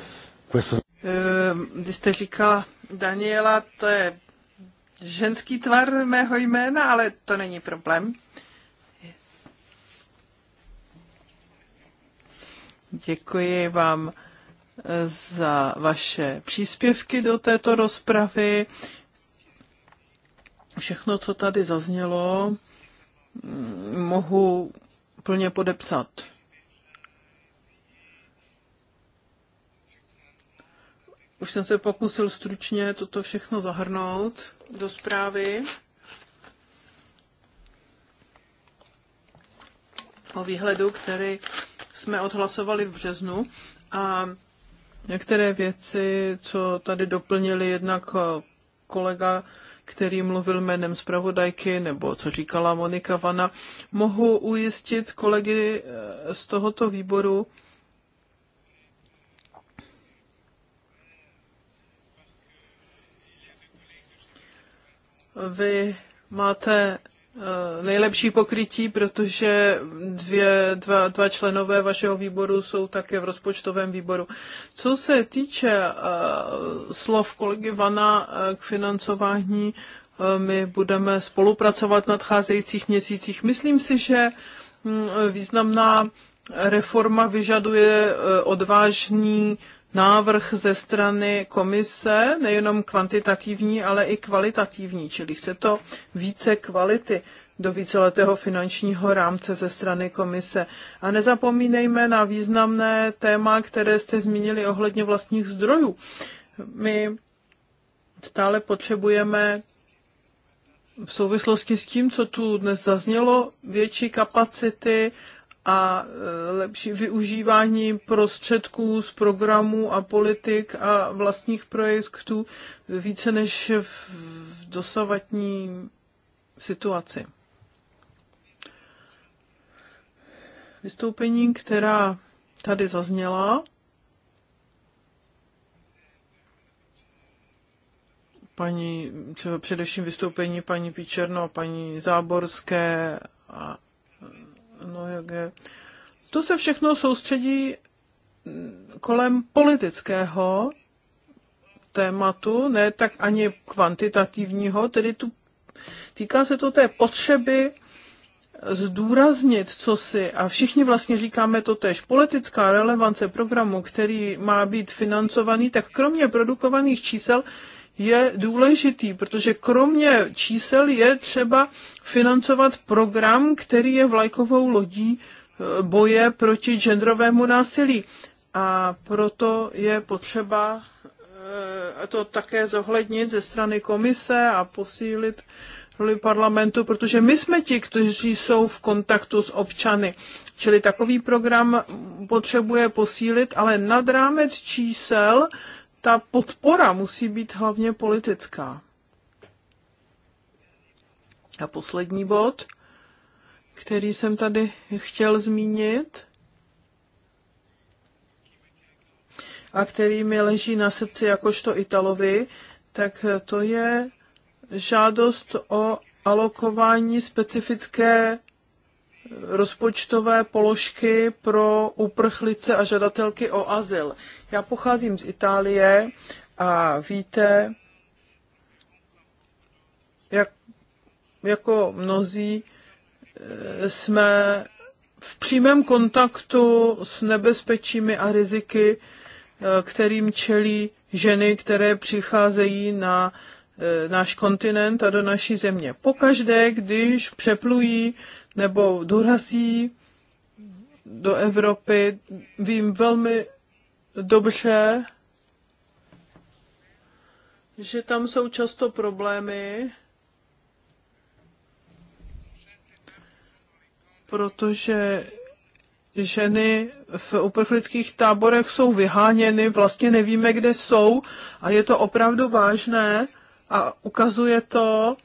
Questo... Když ehm, jste říkala Daniela, to je ženský tvar mého jména, ale to není problém. Děkuji vám eh, za vaše příspěvky do této rozpravy. Všechno, co tady zaznělo, mm, mohu plně podepsat. Už jsem se pokusil stručně toto všechno zahrnout do zprávy. O výhledu, který jsme odhlasovali v březnu a některé věci, co tady doplnili jednak kolega, který mluvil jménem zpravodajky, nebo co říkala Monika Vana, mohu ujistit kolegy eh, z tohoto výboru, vy máte eh, nejlepší pokrytí, protože dvě, dva, dva členové vašeho výboru jsou také v rozpočtovém výboru. Co se týče uh, slov kolegy Vana eh, k financování, uh, my budeme spolupracovat v nadcházejících měsících. Myslím si, že um, významná reforma vyžaduje uh, odvážný uh, návrh ze strany komise, nejenom kvantitativní, ale i kvalitativní, čili chce to více kvality do víceletého finančního rámce ze strany komise. A nezapomínejme na významné téma, které jste zmínili ohledně vlastních zdrojů. My stále potřebujeme v souvislosti s tím, co tu dnes zaznělo, větší kapacity a e, lepší využívání prostředků z programů a politik a vlastních projektů více než v dosavatní situaci. Vystoupení, která tady zazněla, paní, především vystoupení paní Píčerno, paní Záborské a No, Norge. To se všechno soustředí kolem politického tématu, ne tak ani kvantitativního, tedy tu, týká se to té potřeby zdůraznit, co si, a všichni vlastně říkáme to tež, politická relevance programu, který má být financovaný, tak kromě produkovaných čísel je důležitý, protože kromě čísel je třeba financovat program, který je vlajkovou lodí e, boje proti genderovému násilí. A proto je potřeba e, to také zohlednit ze strany komise a posílit roli parlamentu, protože my jsme ti, kteří jsou v kontaktu s občany. Čili takový program potřebuje posílit, ale nad rámec čísel ta podpora musí být hlavně politická. A poslední bod, který jsem tady chtěl zmínit, a který mi leží na srdci jakožto Italovi, tak to je žádost o alokování specifické rozpočtové položky pro uprchlice a žadatelky o azyl. Já pocházím z Itálie a víte, jak, jako mnozí eh, jsme v přímém kontaktu s nebezpečími a riziky, eh, kterým čelí ženy, které přicházejí na eh, náš kontinent a do naší země. Pokaždé, když přeplují nebo dorazí do Evropy. Vím velmi dobře, že tam jsou často problémy, protože ženy v uprchlických táborech jsou vyháněny, vlastně nevíme, kde jsou a je to opravdu vážné a ukazuje to,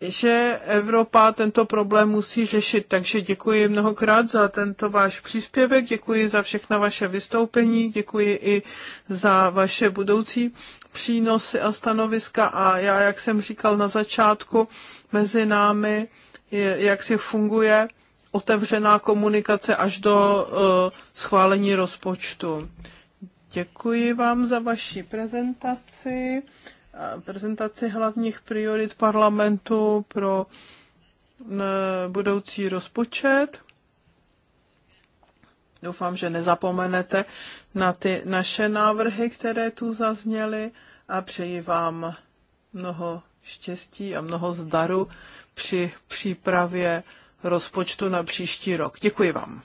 že Evropa tento problém musí řešit. Takže děkuji mnohokrát za tento váš příspěvek, děkuji za všechna vaše vystoupení, děkuji i za vaše budoucí přínosy a stanoviska. A já, jak jsem říkal na začátku, mezi námi, jak si funguje otevřená komunikace až do uh, schválení rozpočtu. Děkuji vám za vaši prezentaci prezentaci hlavních priorit parlamentu pro eh, budoucí rozpočet. Doufám, že nezapomenete na ty naše návrhy, které tu zazněly a přeji vám mnoho štěstí a mnoho zdaru při přípravě rozpočtu na příští rok. Děkuji vám.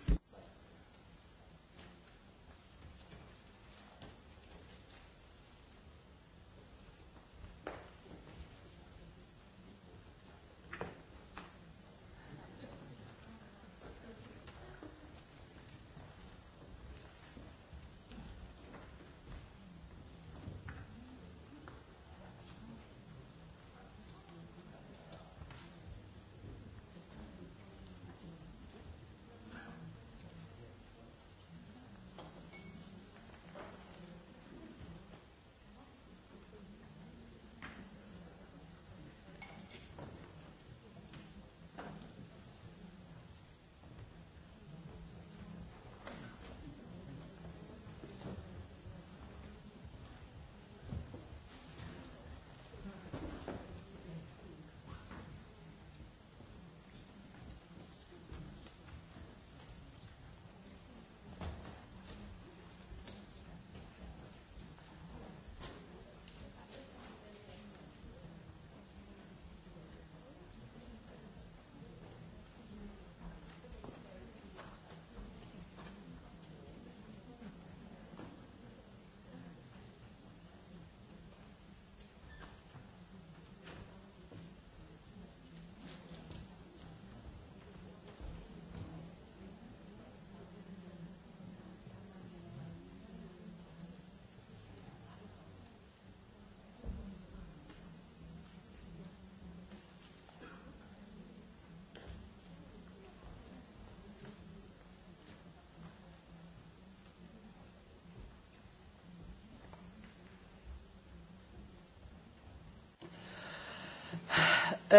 Uh,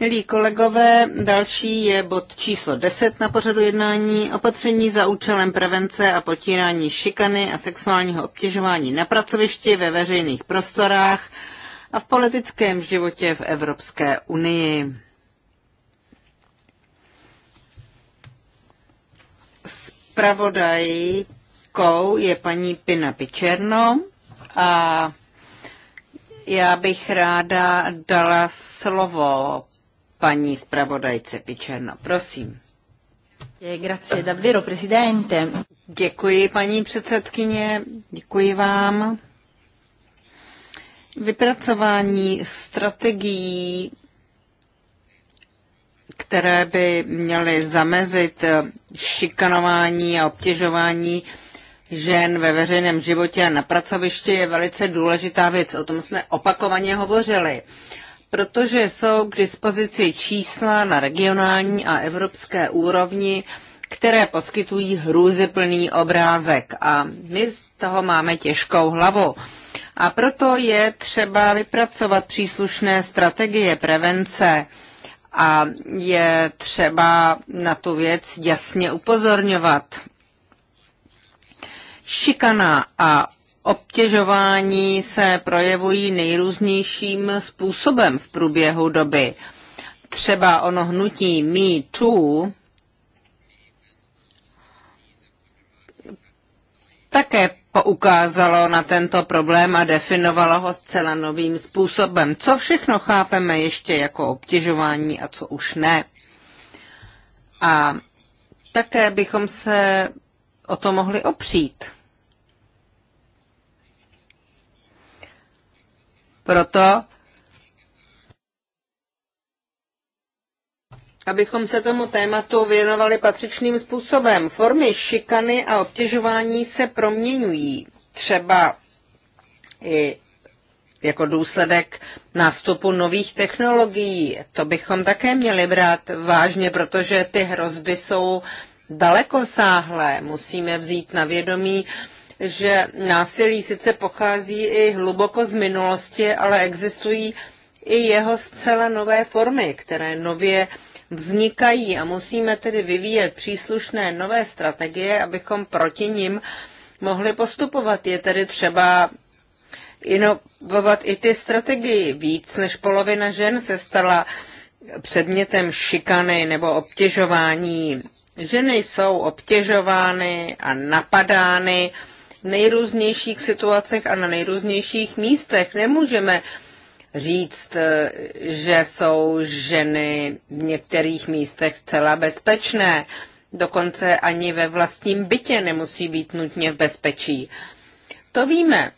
Milí kolegové, další je bod číslo 10 na pořadu jednání. Opatření za účelem prevence a potírání šikany a sexuálního obtěžování na pracovišti ve veřejných prostorách a v politickém životě v Evropské unii. Spravodajkou je paní Pina Pičerno a já bych ráda dala slovo paní zpravodajce Pičerno. Prosím. Eh, Děkuji, paní předsedkyně. Děkuji vám. Vypracování strategií, které by měly zamezit šikanování a obtěžování žen ve veřejném životě a na pracovišti je velice důležitá věc. O tom jsme opakovaně hovořili. Protože jsou k dispozici čísla na regionální a evropské úrovni, které poskytují hrůzyplný obrázek a my z toho máme těžkou hlavu. A proto je třeba vypracovat příslušné strategie prevence a je třeba na tu věc jasně upozorňovat. Šikana a obtěžování se projevují nejrůznějším způsobem v průběhu doby. Třeba ono hnutí Me Too také poukázalo na tento problém a definovalo ho zcela novým způsobem. Co všechno chápeme ještě jako obtěžování a co už ne. A také bychom se o to mohli opřít. Proto, abychom se tomu tématu věnovali patřičným způsobem. Formy šikany a obtěžování se proměňují. Třeba i jako důsledek nástupu nových technologií. To bychom také měli brát vážně, protože ty hrozby jsou dalekosáhlé. Musíme vzít na vědomí, že násilí sice pochází i hluboko z minulosti, ale existují i jeho zcela nové formy, které nově vznikají a musíme tedy vyvíjet příslušné nové strategie, abychom proti nim mohli postupovat. Je tedy třeba inovovat i ty strategii. Víc než polovina žen se stala předmětem šikany nebo obtěžování Ženy jsou obtěžovány a napadány v nejrůznějších situacích a na nejrůznějších místech. Nemůžeme říct, eh, že jsou ženy v některých místech zcela bezpečné. Dokonce ani ve vlastním bytě nemusí být nutně v bezpečí. To víme.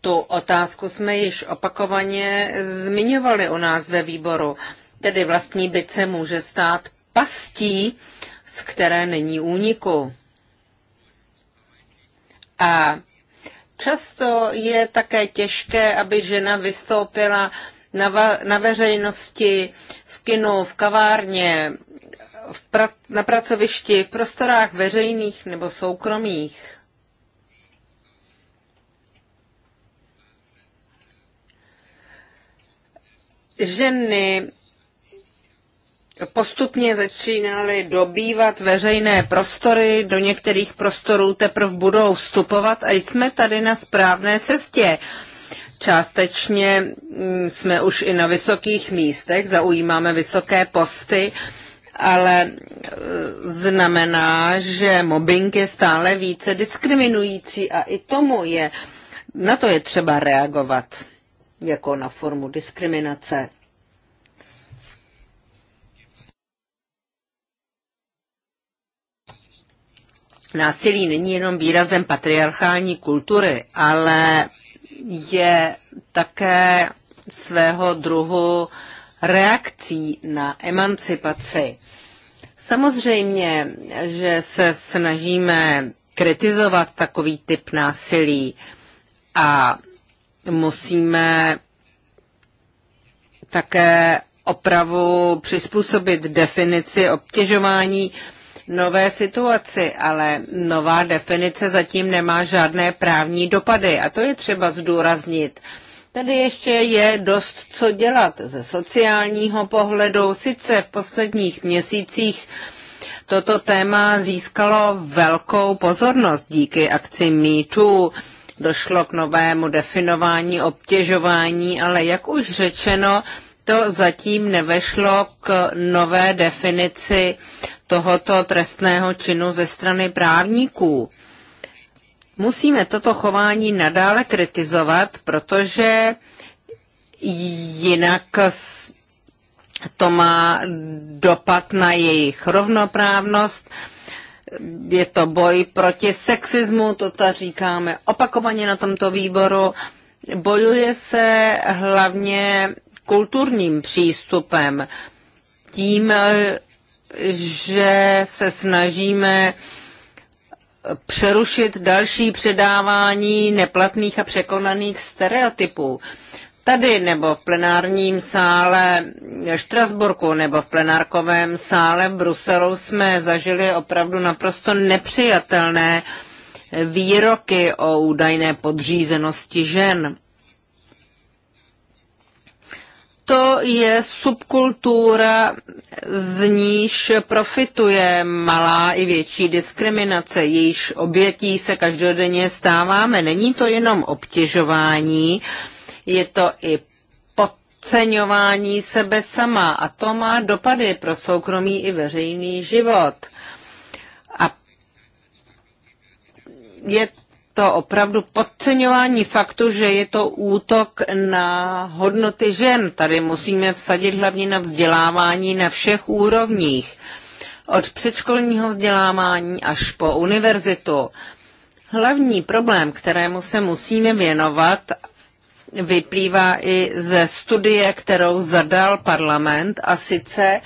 Tu otázku jsme již opakovaně zmiňovali u nás ve výboru. Tedy vlastní byt se může stát pastí, z které není úniku. A často je také těžké, aby žena vystoupila na, va- na veřejnosti, v kinu, v kavárně, v pra- na pracovišti, v prostorách veřejných nebo soukromých. Ženy postupně začínaly dobývat veřejné prostory, do některých prostorů teprve budou vstupovat a jsme tady na správné cestě. Částečně mm, jsme už i na vysokých místech, zaujímáme vysoké posty, ale e, znamená, že mobbing je stále více diskriminující a i tomu je, na to je třeba reagovat jako na formu diskriminace. násilí není jenom výrazem patriarchální kultury, ale je také svého druhu reakcí na emancipaci. Samozřejmě, že se snažíme kritizovat takový typ násilí a musíme také opravu přizpůsobit definici obtěžování nové situaci, ale nová definice zatím nemá žádné právní dopady a to je třeba zdůraznit. Tady ještě je dost co dělat ze sociálního pohledu. Sice v posledních měsících toto téma získalo velkou pozornost díky akci MeToo. Došlo k novému definování obtěžování, ale jak už řečeno, to zatím nevešlo k nové definici tohoto trestného činu ze strany právníků. Musíme toto chování nadále kritizovat, protože jinak to má dopad na jejich rovnoprávnost, je to boj proti sexismu, to ta říkáme opakovaně na tomto výboru. Bojuje se hlavně kulturním přístupem, tím, že se snažíme přerušit další předávání neplatných a překonaných stereotypů. Tady nebo v plenárním sále Štrasburku nebo v plenárkovém sále v Bruselu jsme zažili opravdu naprosto nepřijatelné výroky o údajné podřízenosti žen to je subkultura, z níž profituje malá i větší diskriminace, jejíž obětí se každodenně stáváme. Není to jenom obtěžování, je to i podceňování sebe sama a to má dopady pro soukromý i veřejný život. A je to opravdu podceňování faktu, že je to útok na hodnoty žen. Tady musíme vsadit hlavně na vzdělávání na všech úrovních. Od předškolního vzdělávání až po univerzitu. Hlavní problém, kterému se musíme věnovat, vyplývá i ze studie, kterou zadal parlament, a sice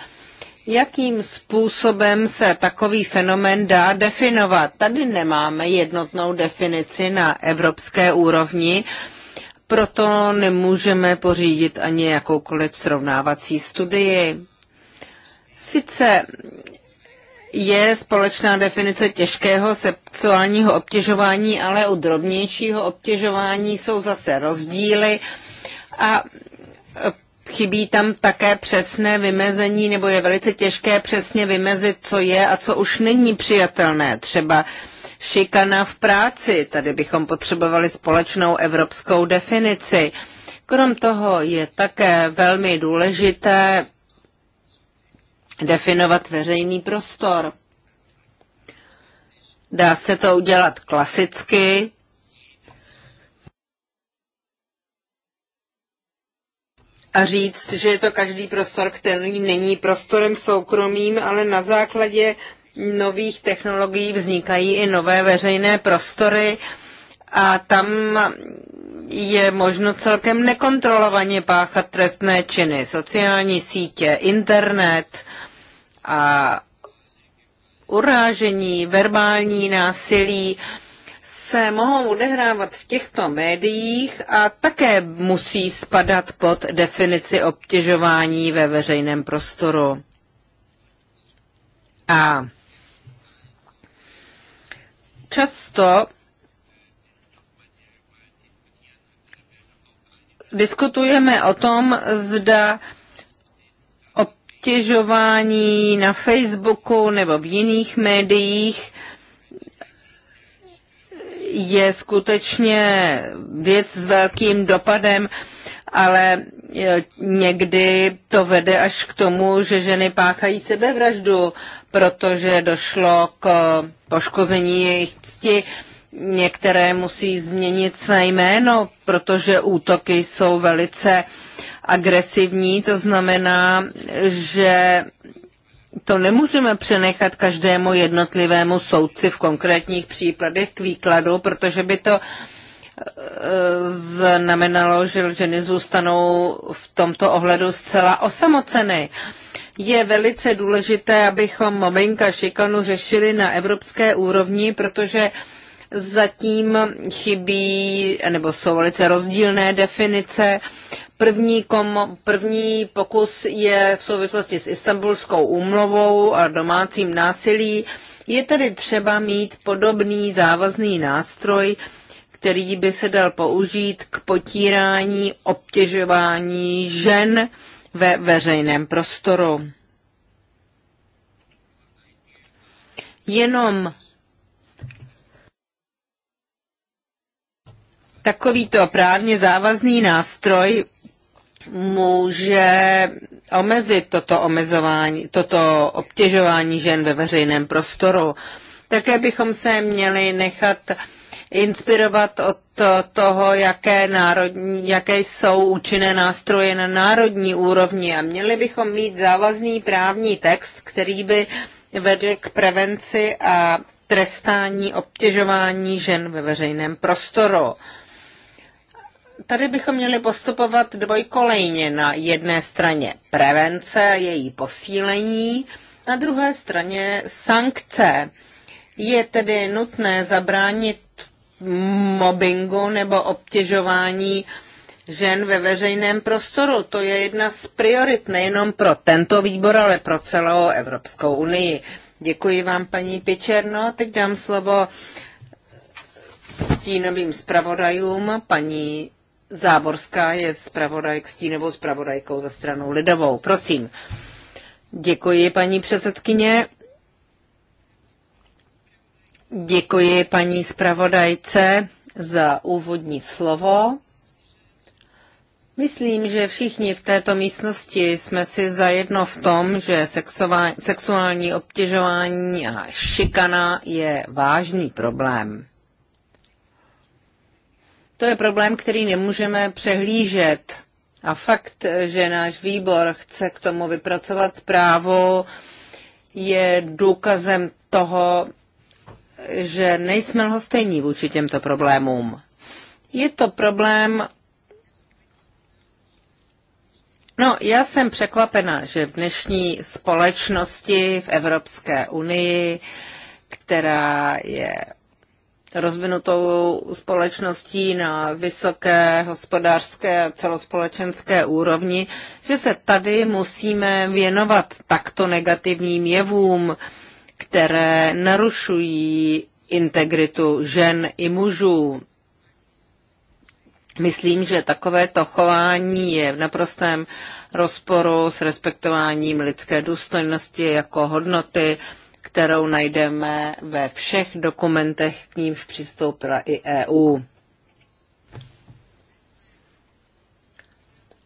Jakým způsobem se takový fenomén dá definovat? Tady nemáme jednotnou definici na evropské úrovni, proto nemůžeme pořídit ani jakoukoliv srovnávací studii. Sice je společná definice těžkého sexuálního obtěžování, ale u drobnějšího obtěžování jsou zase rozdíly a chybí tam také přesné vymezení, nebo je velice těžké přesně vymezit, co je a co už není přijatelné. Třeba šikana v práci, tady bychom potřebovali společnou evropskou definici. Krom toho je také velmi důležité definovat veřejný prostor. Dá se to udělat klasicky, a říct, že je to každý prostor, který není prostorem soukromým, ale na základě nových technologií vznikají i nové veřejné prostory a tam je možno celkem nekontrolovaně páchat trestné činy, sociální sítě, internet a urážení, verbální násilí se mohou odehrávat v těchto médiích a také musí spadat pod definici obtěžování ve veřejném prostoru. A často diskutujeme o tom, zda obtěžování na Facebooku nebo v jiných médiích je skutečně věc s velkým dopadem, ale e, někdy to vede až k tomu, že ženy páchají sebevraždu, protože došlo k poškození jejich cti. Některé musí změnit své jméno, protože útoky jsou velice agresivní, to znamená, že to nemůžeme přenechat každému jednotlivému soudci v konkrétních případech k výkladu, protože by to eh, znamenalo, že ženy zůstanou v tomto ohledu zcela osamoceny. Je velice důležité, abychom mobbinga šikanu řešili na evropské úrovni, protože zatím chybí, nebo jsou velice rozdílné definice První, kom, první pokus je v souvislosti s Istanbulskou úmluvou a domácím násilí. Je tedy třeba mít podobný závazný nástroj, který by se dal použít k potírání obtěžování žen ve veřejném prostoru. Jenom takovýto právně závazný nástroj může omezit toto omezování, toto obtěžování žen ve veřejném prostoru. Také bychom se měli nechat inspirovat od toho, jaké, národní, jaké jsou účinné nástroje na národní úrovni a měli bychom mít závazný právní text, který by vedl k prevenci a trestání obtěžování žen ve veřejném prostoru tady bychom měli postupovat dvojkolejně. Na jedné straně prevence, její posílení, na druhé straně sankce. Je tedy nutné zabránit mobbingu nebo obtěžování žen ve veřejném prostoru. To je jedna z priorit nejenom pro tento výbor, ale pro celou Evropskou unii. Děkuji vám, paní Pičerno. Teď dám slovo stínovým zpravodajům, paní Záborská je zpravodajkstí nebo zpravodajkou za stranou Lidovou. Prosím. Děkuji, paní předsedkyně. Děkuji paní zpravodajce za úvodní slovo. Myslím, že všichni v této místnosti jsme si zajedno v tom, že sexuální obtěžování a šikana je vážný problém. To je problém, který nemůžeme přehlížet. A fakt, že náš výbor chce k tomu vypracovat zprávu, je důkazem toho, že nejsme lhostejní vůči těmto problémům. Je to problém. No, já jsem překvapena, že v dnešní společnosti v Evropské unii, která je rozvinutou společností na vysoké hospodářské a celospolečenské úrovni, že se tady musíme věnovat takto negativním jevům, které narušují integritu žen i mužů. Myslím, že takovéto chování je v naprostém rozporu s respektováním lidské důstojnosti jako hodnoty, kterou najdeme ve všech dokumentech, k nímž přistoupila i EU.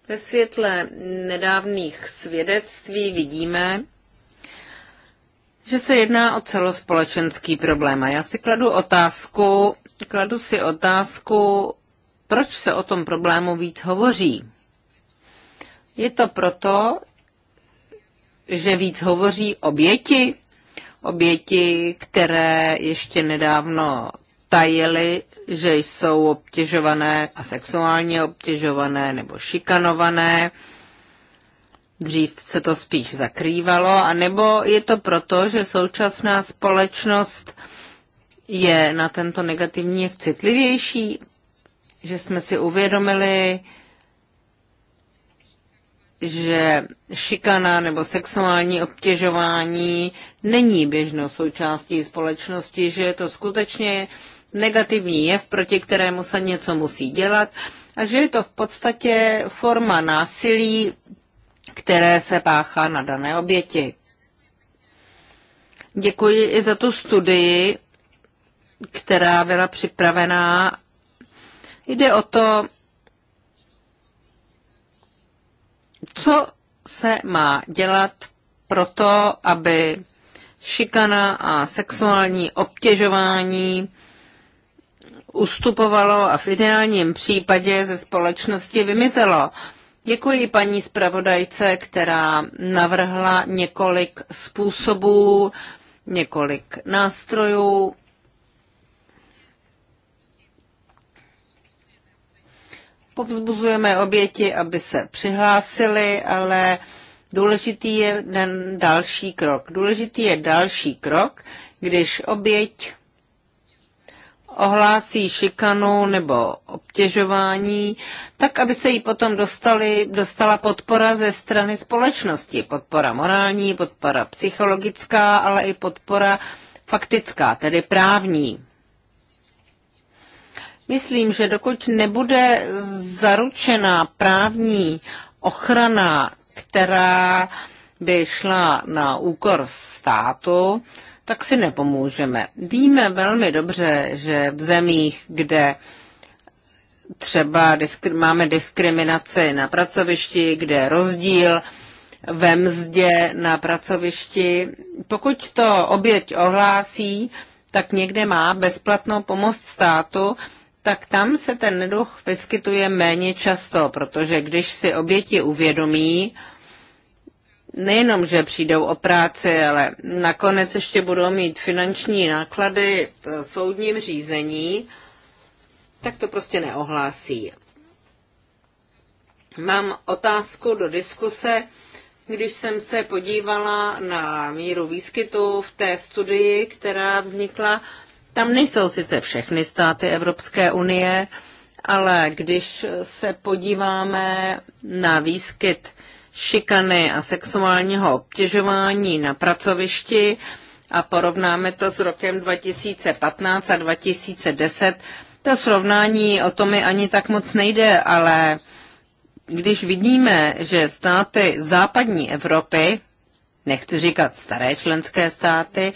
Ve světle nedávných svědectví vidíme, že se jedná o celospolečenský problém. A já si kladu otázku, kladu si otázku, proč se o tom problému víc hovoří. Je to proto, že víc hovoří oběti? oběti, které ještě nedávno tajily, že jsou obtěžované a sexuálně obtěžované nebo šikanované. Dřív se to spíš zakrývalo, anebo je to proto, že současná společnost je na tento negativní citlivější, že jsme si uvědomili, že šikana nebo sexuální obtěžování není běžnou součástí společnosti, že je to skutečně negativní jev, proti kterému se něco musí dělat a že je to v podstatě forma násilí, které se páchá na dané oběti. Děkuji i za tu studii, která byla připravená. Jde o to, co se má dělat pro to, aby šikana a sexuální obtěžování ustupovalo a v ideálním případě ze společnosti vymizelo. Děkuji paní zpravodajce, která navrhla několik způsobů, několik nástrojů, povzbuzujeme oběti, aby se přihlásili, ale důležitý je ten další krok. Důležitý je další krok, když oběť ohlásí šikanu nebo obtěžování, tak aby se jí potom dostali, dostala podpora ze strany společnosti. Podpora morální, podpora psychologická, ale i podpora faktická, tedy právní. Myslím, že dokud nebude zaručena právní ochrana, která by šla na úkor státu, tak si nepomůžeme. Víme velmi dobře, že v zemích, kde třeba diskri- máme diskriminaci na pracovišti, kde je rozdíl ve mzdě na pracovišti, pokud to oběť ohlásí, tak někde má bezplatnou pomoc státu, tak tam se ten neduch vyskytuje méně často, protože když si oběti uvědomí, nejenom, že přijdou o práci, ale nakonec ještě budou mít finanční náklady v soudním řízení, tak to prostě neohlásí. Mám otázku do diskuse. Když jsem se podívala na míru výskytu v té studii, která vznikla, tam nejsou sice všechny státy Evropské unie, ale když se podíváme na výskyt šikany a sexuálního obtěžování na pracovišti a porovnáme to s rokem 2015 a 2010, to srovnání o to mi ani tak moc nejde, ale když vidíme, že státy západní Evropy nechci říkat staré členské státy,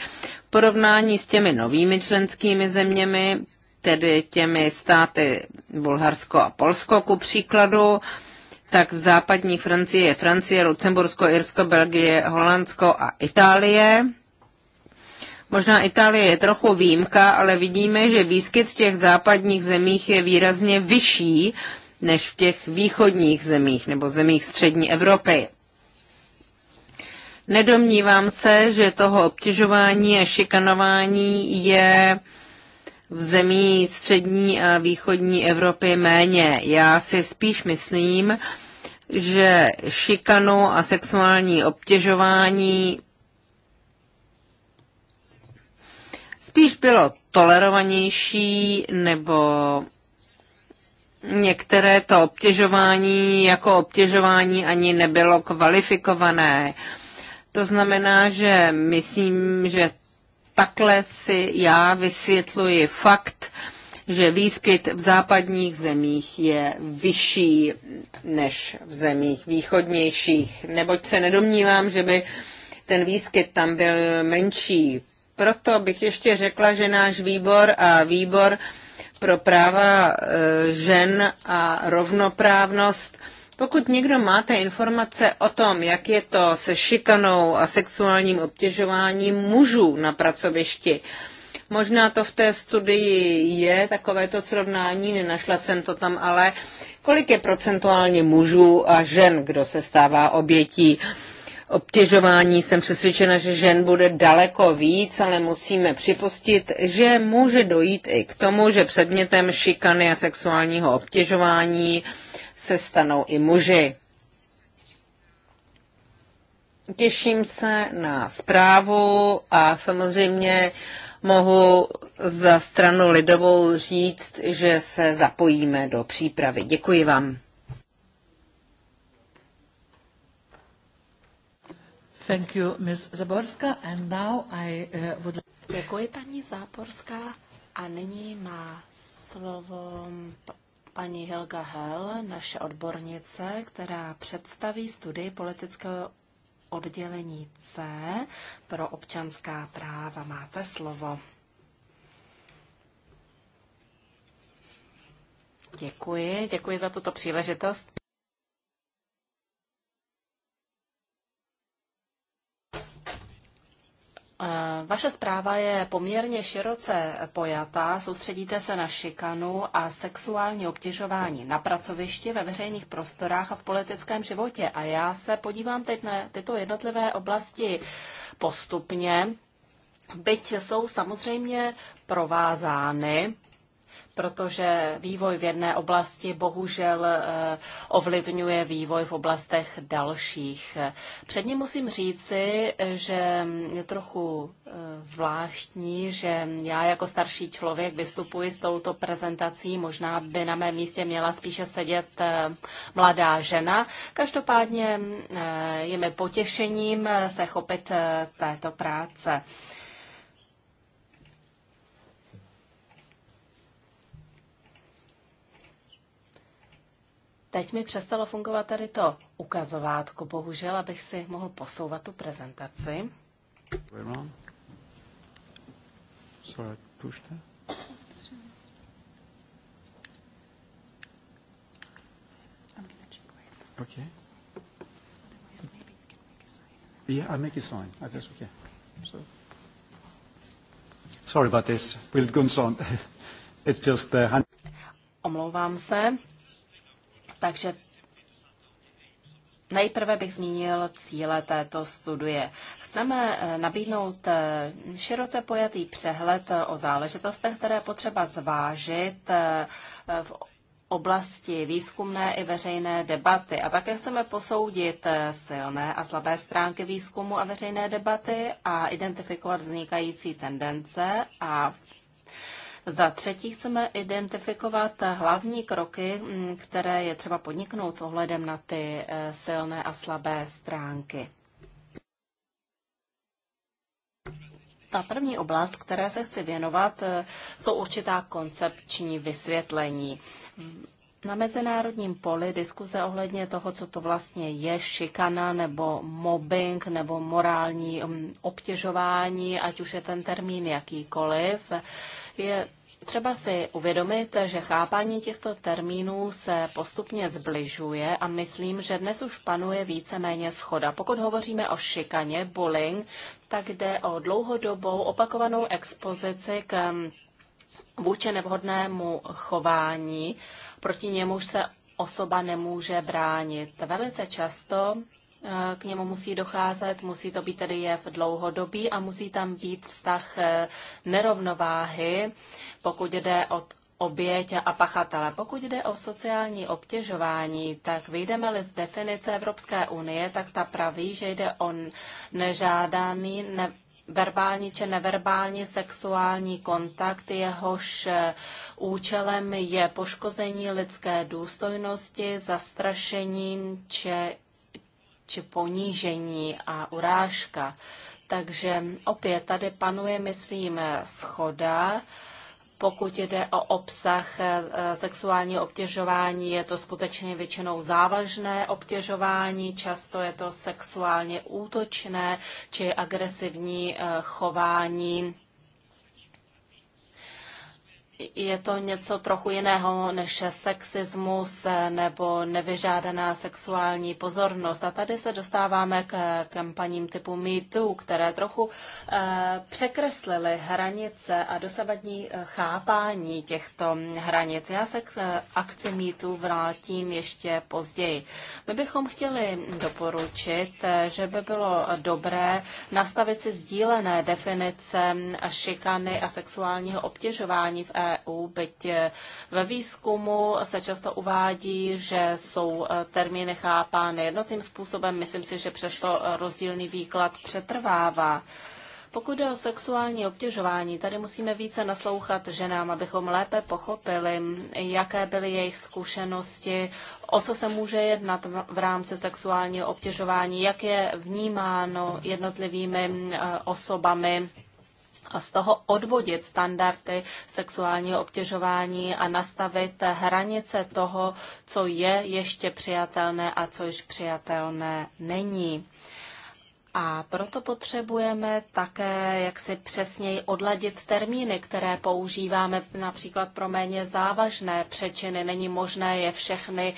v porovnání s těmi novými členskými zeměmi, tedy těmi státy Bulharsko a Polsko ku příkladu, tak v západní Francii je Francie, Lucembursko, Irsko, Belgie, Holandsko a Itálie. Možná Itálie je trochu výjimka, ale vidíme, že výskyt v těch západních zemích je výrazně vyšší než v těch východních zemích nebo zemích střední Evropy. Nedomnívám se, že toho obtěžování a šikanování je v zemí střední a východní Evropy méně. Já si spíš myslím, že šikanu a sexuální obtěžování spíš bylo tolerovanější nebo některé to obtěžování jako obtěžování ani nebylo kvalifikované. Uh, to znamená, že myslím, že takhle si já vysvětluji fakt, že výskyt v západních zemích je vyšší než v zemích východnějších, neboť se nedomnívám, že by ten výskyt tam byl menší. Proto bych ještě řekla, že náš výbor a výbor pro práva e, žen a rovnoprávnost – pokud někdo máte informace o tom, jak je to se šikanou a sexuálním obtěžováním mužů na pracovišti, Možná to v té studii je, takové to srovnání, nenašla jsem to tam, ale kolik je procentuálně mužů a žen, kdo se stává obětí obtěžování. Jsem přesvědčena, že žen bude daleko víc, ale musíme připustit, že může dojít i k tomu, že předmětem šikany a sexuálního obtěžování se stanou i muži. Těším se na zprávu a samozřejmě mohu za stranu lidovou říct, že se zapojíme do přípravy. Děkuji vám. Thank you, Ms. Zaborska. And now I, uh, would... Děkuji, paní Záborská. A nyní má slovo paní Helga Hel, naše odbornice, která představí studii politického oddělení C pro občanská práva. Máte slovo. Děkuji, děkuji za tuto příležitost. Eh, vaše zpráva je poměrně široce pojatá, soustředíte se na šikanu a sexuální obtěžování na pracovišti, ve veřejných prostorách a v politickém životě. A já se podívám teď na tyto jednotlivé oblasti postupně, byť jsou samozřejmě provázány protože vývoj v jedné oblasti bohužel eh, ovlivňuje vývoj v oblastech dalších. Předně musím říci, že je trochu eh, zvláštní, že já jako starší člověk vystupuji s touto prezentací. Možná by na mém místě měla spíše sedět eh, mladá žena. Každopádně je mi potěšením se chopit této práce. Teď mi přestalo fungovat tady to ukazovátko, bohužel, abych si mohl posouvat tu prezentaci. Sorry, push that. Okay. Yeah, I make I just okay. So. Sorry about this. We'll on. It's just uh, Omlouvám se. Takže Nejprve bych zmínil cíle této studie. Chceme eh, nabídnout eh, široce pojatý přehled eh, o záležitostech, které potřeba zvážit v oblasti výzkumné i veřejné debaty. A také chceme posoudit silné a slabé stránky výzkumu a veřejné debaty a identifikovat vznikající tendence a za třetí chceme identifikovat hlavní kroky, mm, které je třeba podniknout s ohledem na ty eh, silné a slabé stránky. Ta první oblast, které se chci věnovat, eh, jsou určitá koncepční vysvětlení. Na mezinárodním poli diskuze ohledně toho, co to vlastně je šikana nebo mobbing nebo morální mm, obtěžování, ať už je ten termín jakýkoliv, je třeba si uvědomit, že chápání těchto termínů se postupně zbližuje a myslím, že dnes už panuje víceméně schoda. Pokud hovoříme o šikaně, bullying, tak jde o dlouhodobou opakovanou expozici k um, vůči nevhodnému chování, proti němuž se osoba nemůže bránit. Velice často k němu musí docházet, musí to být tedy jev dlouhodobý a musí tam být vztah eh, nerovnováhy, pokud jde o oběť a pachatele. Pokud jde o sociální obtěžování, tak vyjdeme-li z definice Evropské unie, tak ta praví, že jde o nežádaný, ne, verbální či neverbální sexuální kontakt, jehož eh, účelem je poškození lidské důstojnosti, zastrašení či či ponížení a urážka. Takže opět tady panuje, myslím, schoda. Pokud jde o obsah eh, sexuálního obtěžování, je to skutečně většinou závažné obtěžování, často je to sexuálně útočné či agresivní eh, chování je to něco trochu jiného než sexismus nebo nevyžádaná sexuální pozornost. A tady se dostáváme k kampaním typu MeToo, které trochu eh, překreslily hranice a dosavadní eh, chápání těchto hranic. Já se k eh, akci MeToo vrátím ještě později. My bychom chtěli doporučit, že by bylo dobré nastavit si sdílené definice šikany a sexuálního obtěžování v EU EU, byť e, ve výzkumu se často uvádí, že jsou e, termíny chápány jednotným způsobem. Myslím si, že přesto e, rozdílný výklad přetrvává. Pokud jde o sexuální obtěžování, tady musíme více naslouchat ženám, abychom lépe pochopili, jaké byly jejich zkušenosti, o co se může jednat v rámci sexuálního obtěžování, jak je vnímáno jednotlivými osobami a z toho odvodit standardy sexuálního obtěžování a nastavit hranice toho, co je ještě přijatelné a co již přijatelné není. A proto potřebujeme také jak si přesněji odladit termíny, které používáme například pro méně závažné přečiny. Není možné je všechny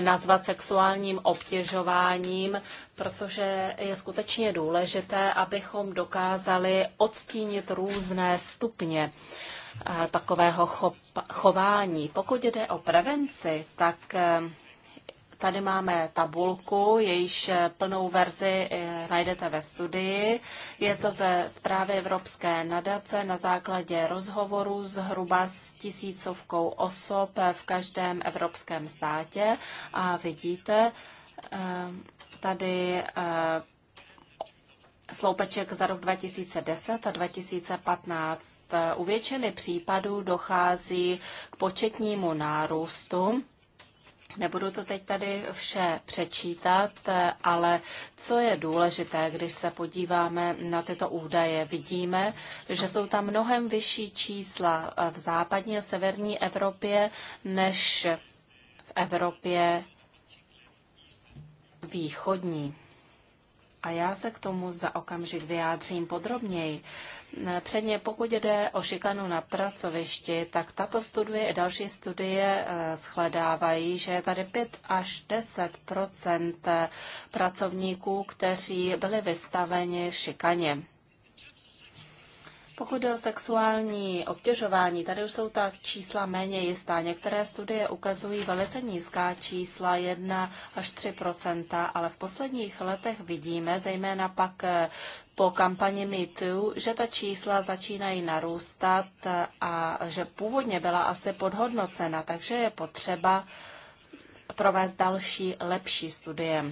nazvat sexuálním obtěžováním, protože je skutečně důležité, abychom dokázali odstínit různé stupně eh, takového chování. Pokud jde o prevenci, tak eh, Tady máme tabulku, jejíž plnou verzi eh, najdete ve studii. Je to ze zprávy Evropské nadace na základě rozhovoru zhruba s tisícovkou osob v každém evropském státě. A vidíte eh, tady eh, sloupeček za rok 2010 a 2015. U většiny případů dochází k početnímu nárůstu Nebudu to teď tady vše přečítat, eh, ale co je důležité, když se podíváme na tyto údaje, vidíme, že jsou tam mnohem vyšší čísla eh, v západní a severní Evropě než v Evropě východní. A já se k tomu za okamžik vyjádřím podrobněji. Předně pokud jde o šikanu na pracovišti, tak tato studie i další studie eh, shledávají, že je tady 5 až 10 eh, pracovníků, kteří byli vystaveni šikaně. Pokud jde o sexuální obtěžování, tady už jsou ta čísla méně jistá. Některé studie ukazují velice nízká čísla 1 až 3 ale v posledních letech vidíme, zejména pak eh, po kampani MeToo, že ta čísla začínají narůstat a že původně byla asi podhodnocena, takže je potřeba provést další lepší studie.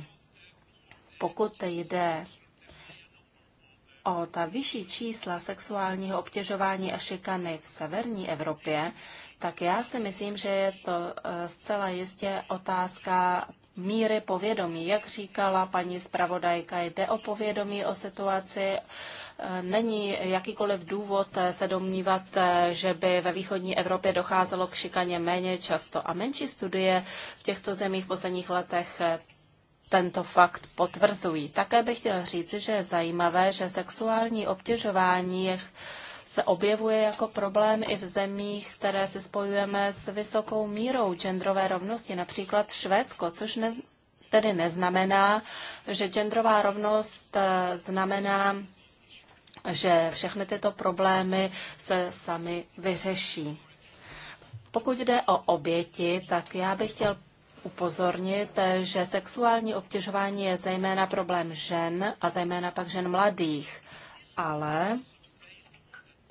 Pokud jde o ta vyšší čísla sexuálního obtěžování a šikany v severní Evropě, tak já si myslím, že je to e, zcela jistě otázka míry povědomí. Jak říkala paní zpravodajka, jde o povědomí o situaci. E, není jakýkoliv důvod se domnívat, e, že by ve východní Evropě docházelo k šikaně méně často. A menší studie v těchto zemích v posledních letech tento fakt potvrzují. Také bych chtěl říct, že je zajímavé, že sexuální obtěžování je se objevuje jako problém i v zemích, které se spojujeme s vysokou mírou genderové rovnosti, například Švédsko, což ne, tedy neznamená, že genderová rovnost eh, znamená, že všechny tyto problémy se sami vyřeší. Pokud jde o oběti, tak já bych chtěl upozornit, že sexuální obtěžování je zejména problém žen a zejména pak žen mladých. Ale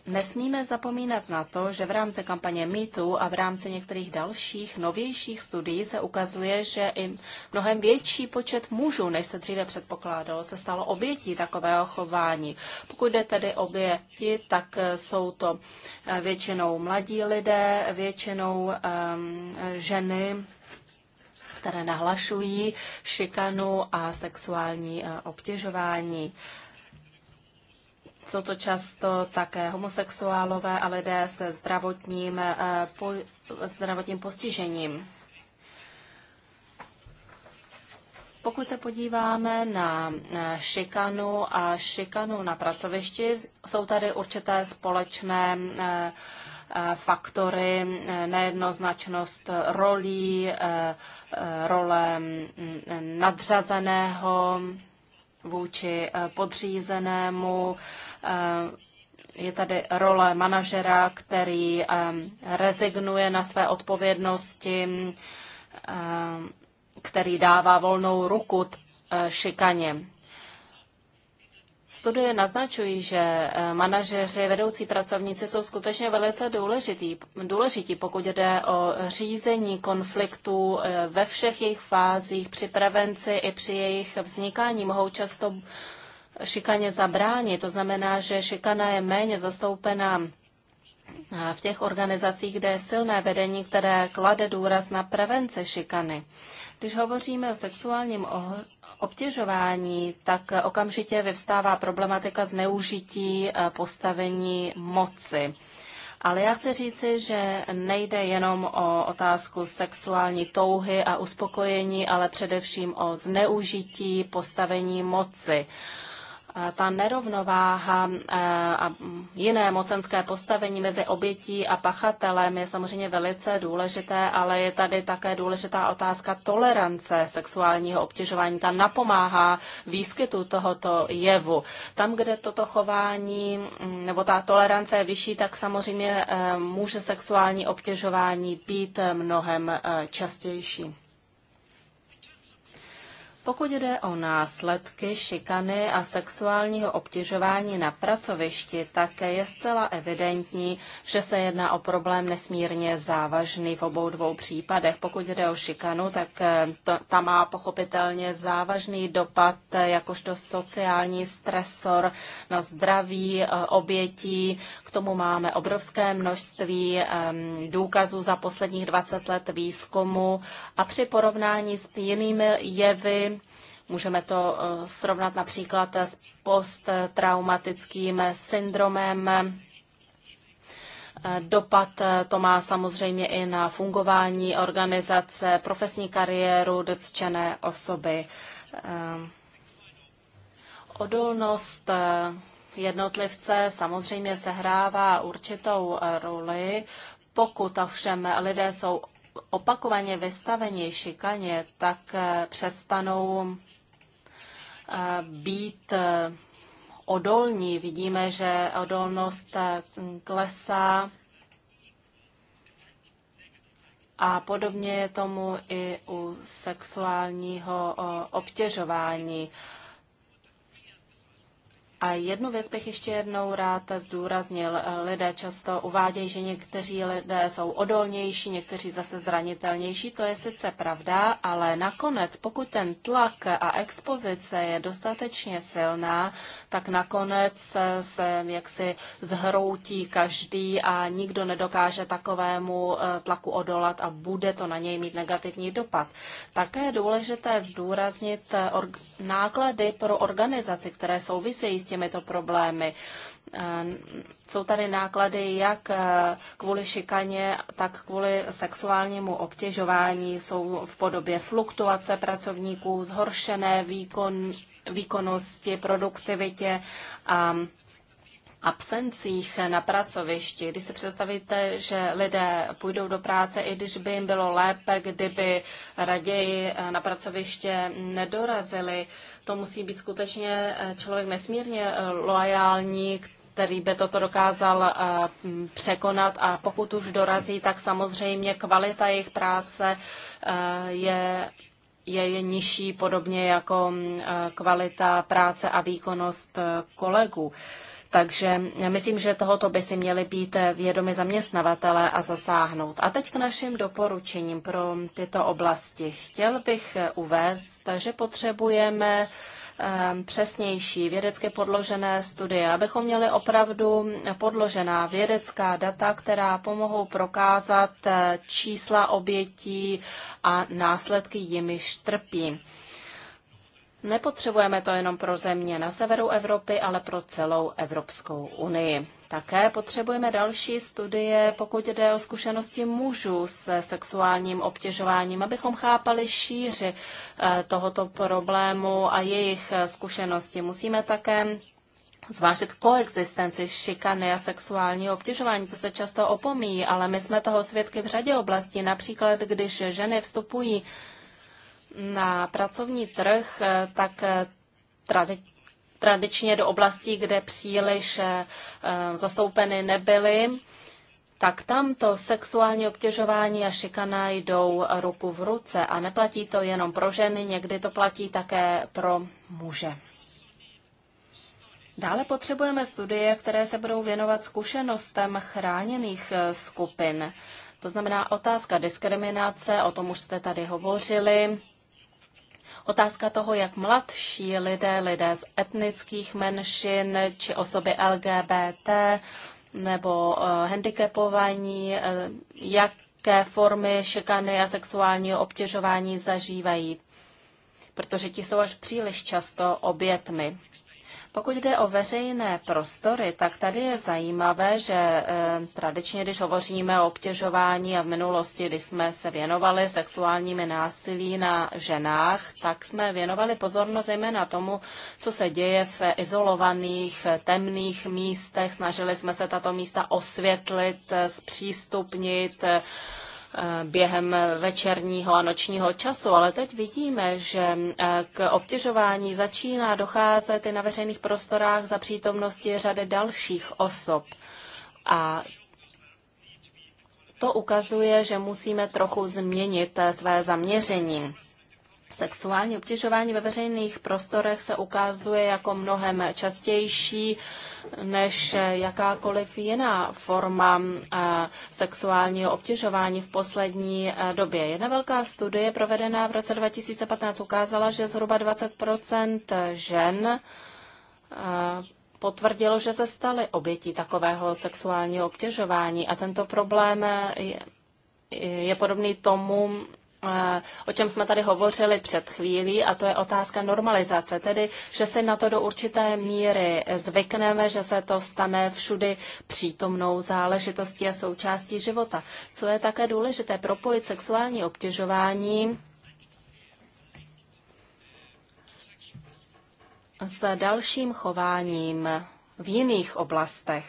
Nesmíme zapomínat na to, že v rámci kampaně MeToo a v rámci některých dalších novějších studií se ukazuje, že i mnohem větší počet mužů, než se dříve předpokládalo, se stalo obětí takového chování. Pokud jde tedy oběti, tak jsou to eh, většinou mladí lidé, většinou um, ženy, které nahlašují šikanu a sexuální eh, obtěžování. Jsou to často také homosexuálové a lidé se zdravotním, eh, po, zdravotním postižením. Pokud se podíváme na šikanu a šikanu na pracovišti, jsou tady určité společné eh, Eh, faktory, eh, nejednoznačnost rolí, eh, role mm, nadřazeného vůči podřízenému, je tady role manažera, který rezignuje na své odpovědnosti, který dává volnou ruku šikaně. Studie naznačují, že eh, manažeři, vedoucí pracovníci jsou skutečně velice důležitý, důležití, pokud jde o řízení konfliktů eh, ve všech jejich fázích, při prevenci i při jejich vznikání. Mohou často šikaně zabránit. To znamená, že šikana je méně zastoupená eh, v těch organizacích, kde je silné vedení, které klade důraz na prevence šikany. Když hovoříme o sexuálním obtěžování, tak okamžitě vyvstává problematika zneužití eh, postavení moci. Ale já chci říci, že nejde jenom o otázku sexuální touhy a uspokojení, ale především o zneužití postavení moci. Eh, ta nerovnováha eh, a jiné mocenské postavení mezi obětí a pachatelem je samozřejmě velice důležité, ale je tady také důležitá otázka tolerance sexuálního obtěžování. Ta napomáhá výskytu tohoto jevu. Tam, kde toto chování mm, nebo ta tolerance je vyšší, tak samozřejmě eh, může sexuální obtěžování být mnohem častější. Pokud jde o následky šikany a sexuálního obtěžování na pracovišti, tak je zcela evidentní, že se jedná o problém nesmírně závažný v obou dvou případech. Pokud jde o šikanu, tak eh, to, ta má pochopitelně závažný dopad eh, jakožto sociální stresor na zdraví eh, obětí. K tomu máme obrovské množství ehm, důkazů za posledních 20 let výzkumu a při porovnání s jinými jevy, Můžeme to eh, srovnat například s posttraumatickým syndromem. Eh, dopad eh, to má samozřejmě i na fungování organizace, profesní kariéru dotčené osoby. Odolnost jednotlivce samozřejmě sehrává určitou roli. Pokud ovšem lidé jsou opakovaně vystaveni šikaně, tak přestanou být odolní. Vidíme, že odolnost klesá a podobně je tomu i u sexuálního obtěžování. A jednu věc bych ještě jednou rád zdůraznil. Lidé často uvádějí, že někteří lidé jsou odolnější, někteří zase zranitelnější. To je sice pravda, ale nakonec, pokud ten tlak a expozice je dostatečně silná, tak nakonec se jaksi zhroutí každý a nikdo nedokáže takovému eh, tlaku odolat a bude to na něj mít negativní dopad. Také je důležité zdůraznit eh, náklady pro organizaci, které souvisejí s těmito problémy. Eh, jsou tady náklady jak eh, kvůli šikaně, tak kvůli sexuálnímu obtěžování. Jsou v podobě fluktuace pracovníků, zhoršené výkon, výkonnosti, produktivitě a absencích na pracovišti. Když si představíte, že lidé půjdou do práce, i když by jim bylo lépe, kdyby raději na pracoviště nedorazili, to musí být skutečně eh, člověk nesmírně eh, loajální, který by toto dokázal eh, překonat a pokud už dorazí, tak samozřejmě kvalita jejich práce je je, je nižší, podobně jako mm, kvalita práce a výkonnost kolegů. Takže myslím, že tohoto by si měli být vědomi zaměstnavatele a zasáhnout. A teď k našim doporučením pro tyto oblasti. Chtěl bych uvést, že potřebujeme ehm, přesnější vědecky podložené studie, abychom měli opravdu podložená vědecká data, která pomohou prokázat eh, čísla obětí a následky jimiž trpí. Nepotřebujeme to jenom pro země na severu Evropy, ale pro celou Evropskou unii. Také potřebujeme další studie, pokud jde o zkušenosti mužů se sexuálním obtěžováním, abychom chápali šíři eh, tohoto problému a jejich eh, zkušenosti. Musíme také zvážit koexistenci šikany a sexuálního obtěžování. To se často opomíjí, ale my jsme toho svědky v řadě oblastí. Například, když ženy vstupují na pracovní trh, eh, tak eh, tradi- tradičně do oblastí, kde příliš eh, zastoupeny nebyly, tak tam to sexuální obtěžování a šikana jdou ruku v ruce a neplatí to jenom pro ženy, někdy to platí také pro muže. Dále potřebujeme studie, které se budou věnovat zkušenostem chráněných skupin. To znamená otázka diskriminace, o tom už jste tady hovořili, Otázka toho, jak mladší lidé, lidé z etnických menšin či osoby LGBT nebo eh, handicapovaní, eh, jaké formy šikany a sexuálního obtěžování zažívají, protože ti jsou až příliš často obětmi. Pokud jde o veřejné prostory, tak tady je zajímavé, že eh, tradičně, když hovoříme o obtěžování a v minulosti, když jsme se věnovali sexuálními násilí na ženách, tak jsme věnovali pozornost zejména tomu, co se děje v izolovaných, temných místech. Snažili jsme se tato místa osvětlit, eh, zpřístupnit, eh, Eh, během večerního a nočního času, ale teď vidíme, že eh, k obtěžování začíná docházet i na veřejných prostorách za přítomnosti řady dalších osob. A to ukazuje, že musíme trochu změnit eh, své zaměření. Sexuální obtěžování ve veřejných prostorech se ukazuje jako mnohem častější než jakákoliv jiná forma eh, sexuálního obtěžování v poslední eh, době. Jedna velká studie provedená v roce 2015 ukázala, že zhruba 20 žen eh, potvrdilo, že se staly obětí takového sexuálního obtěžování a tento problém je, je podobný tomu, o čem jsme tady hovořili před chvílí, a to je otázka normalizace, tedy, že si na to do určité míry zvykneme, že se to stane všudy přítomnou záležitostí a součástí života. Co je také důležité, propojit sexuální obtěžování s dalším chováním v jiných oblastech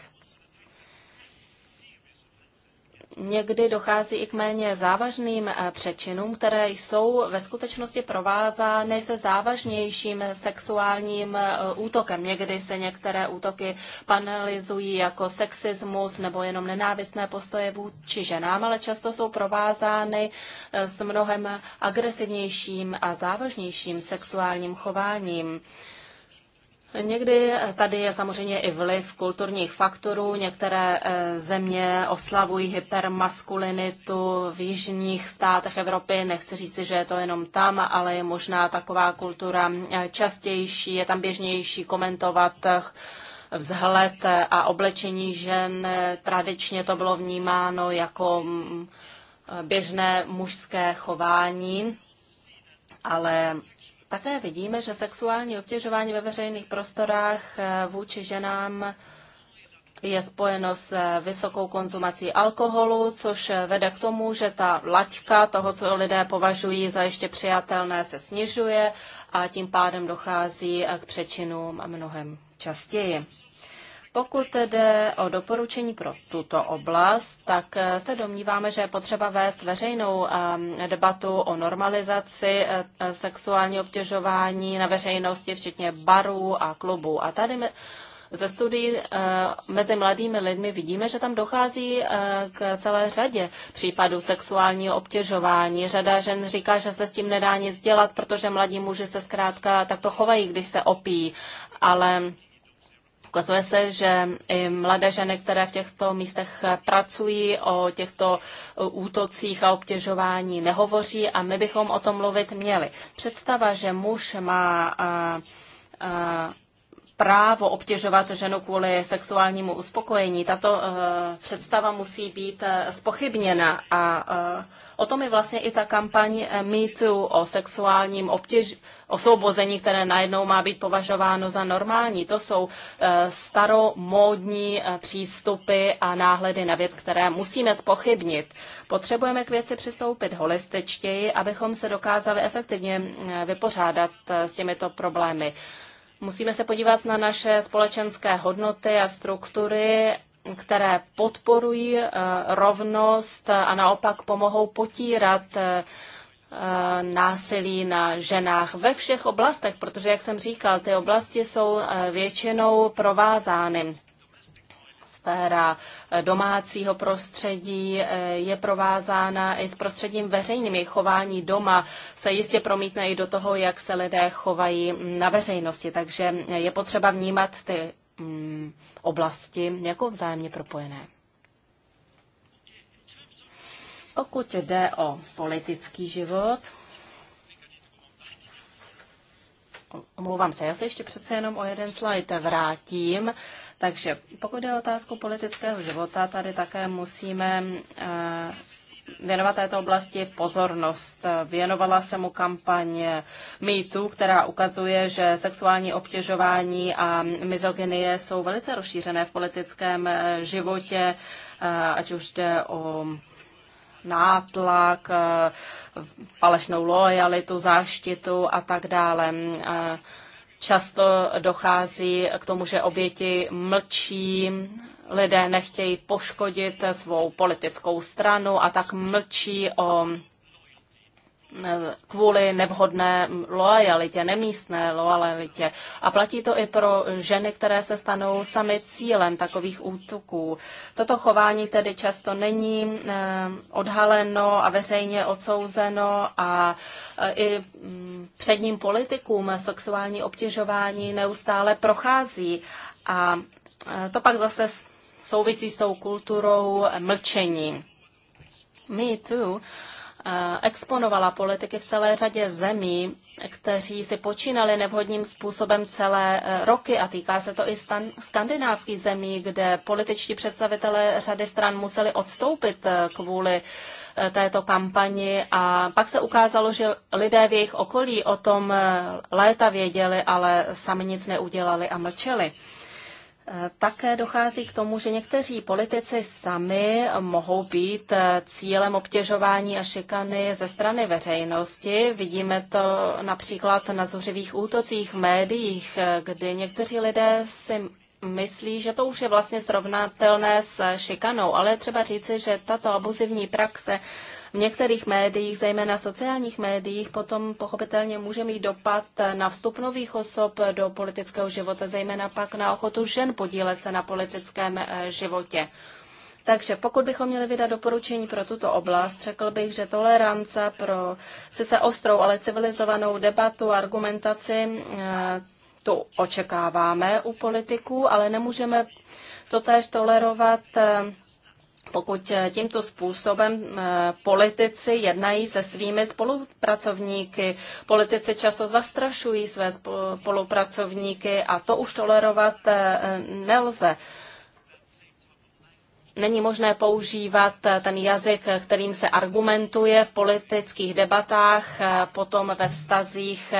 někdy dochází i k méně závažným eh, přečinům, které jsou ve skutečnosti provázány se závažnějším sexuálním eh, útokem. Někdy se některé útoky panelizují jako sexismus nebo jenom nenávistné postoje vůči ženám, ale často jsou provázány eh, s mnohem agresivnějším a závažnějším sexuálním chováním. Někdy tady je samozřejmě i vliv kulturních faktorů. Některé eh, země oslavují hypermaskulinitu v jižních státech Evropy. Nechci říct, že je to jenom tam, ale je možná taková kultura eh, častější, je tam běžnější komentovat eh, vzhled a oblečení žen. Tradičně to bylo vnímáno jako mm, běžné mužské chování, ale také vidíme, že sexuální obtěžování ve veřejných prostorách eh, vůči ženám je spojeno s eh, vysokou konzumací alkoholu, což eh, vede k tomu, že ta laťka toho, co lidé považují za ještě přijatelné, se snižuje a tím pádem dochází k přečinům a mnohem častěji. Pokud jde o doporučení pro tuto oblast, tak se domníváme, že je potřeba vést veřejnou um, debatu o normalizaci eh, sexuálního obtěžování na veřejnosti, včetně barů a klubů. A tady ze studií eh, mezi mladými lidmi vidíme, že tam dochází eh, k celé řadě případů sexuálního obtěžování. Řada žen říká, že se s tím nedá nic dělat, protože mladí muži se zkrátka takto chovají, když se opíjí. Ale Ukazuje se, že i mladé ženy, které v těchto místech pracují, o těchto e, útocích a obtěžování nehovoří a my bychom o tom mluvit měli. Představa, že muž má a, a, právo obtěžovat ženu kvůli sexuálnímu uspokojení, tato a, e, představa musí být e, spochybněna a, a O tom je vlastně i ta kampaň eh, mýtu o sexuálním obtěž, osvobození, které najednou má být považováno za normální. To jsou eh, staromódní eh, přístupy a náhledy na věc, které musíme spochybnit. Potřebujeme k věci přistoupit holističtěji, abychom se dokázali efektivně vypořádat s těmito problémy. Musíme se podívat na naše společenské hodnoty a struktury které podporují eh, rovnost a naopak pomohou potírat eh, eh, násilí na ženách ve všech oblastech, protože, jak jsem říkal, ty oblasti jsou většinou provázány. Sféra domácího prostředí je provázána i s prostředím veřejným. Jejich chování doma se jistě promítne i do toho, jak se lidé chovají na veřejnosti. Takže je potřeba vnímat ty Mm, oblasti jako vzájemně propojené. Pokud jde o politický život, omlouvám se, já se ještě přece jenom o jeden slide vrátím. Takže pokud je o otázku politického života, tady také musíme eh, věnovat této oblasti pozornost. Věnovala se mu kampaň MeToo, která ukazuje, že sexuální obtěžování a mizogynie jsou velice rozšířené v politickém životě, ať už jde o nátlak, falešnou lojalitu, záštitu a tak dále. Často dochází k tomu, že oběti mlčí lidé nechtějí poškodit svou politickou stranu a tak mlčí o kvůli nevhodné loajalitě, nemístné loajalitě. A platí to i pro ženy, které se stanou sami cílem takových útoků. Toto chování tedy často není odhaleno a veřejně odsouzeno a e, i předním politikům sexuální obtěžování neustále prochází. A e, to pak zase souvisí s tou kulturou mlčení. Me too eh, exponovala politiky v celé řadě zemí, kteří si počínali nevhodným způsobem celé eh, roky a týká se to i stan- skandinávských zemí, kde političtí představitelé řady stran museli odstoupit eh, kvůli této kampani a pak se ukázalo, že lidé v jejich okolí o tom léta věděli, ale sami nic neudělali a mlčeli. Také dochází k tomu, že někteří politici sami mohou být eh, cílem obtěžování a šikany ze strany veřejnosti. Vidíme to například na zuřivých útocích v médiích, eh, kdy někteří lidé si myslí, že to už je vlastně srovnatelné s šikanou, ale třeba říci, že tato abuzivní praxe v některých médiích, zejména sociálních médiích, potom pochopitelně může mít dopad na vstup nových osob do politického života, zejména pak na ochotu žen podílet se na politickém eh, životě. Takže pokud bychom měli vydat doporučení pro tuto oblast, řekl bych, že tolerance pro sice ostrou, ale civilizovanou debatu, argumentaci, eh, tu očekáváme u politiků, ale nemůžeme totéž tolerovat eh, pokud eh, tímto způsobem eh, politici jednají se svými spolupracovníky. Politici často zastrašují své spolupracovníky a to už tolerovat eh, nelze. Není možné používat ten jazyk, kterým se argumentuje v politických debatách, potom ve vztazích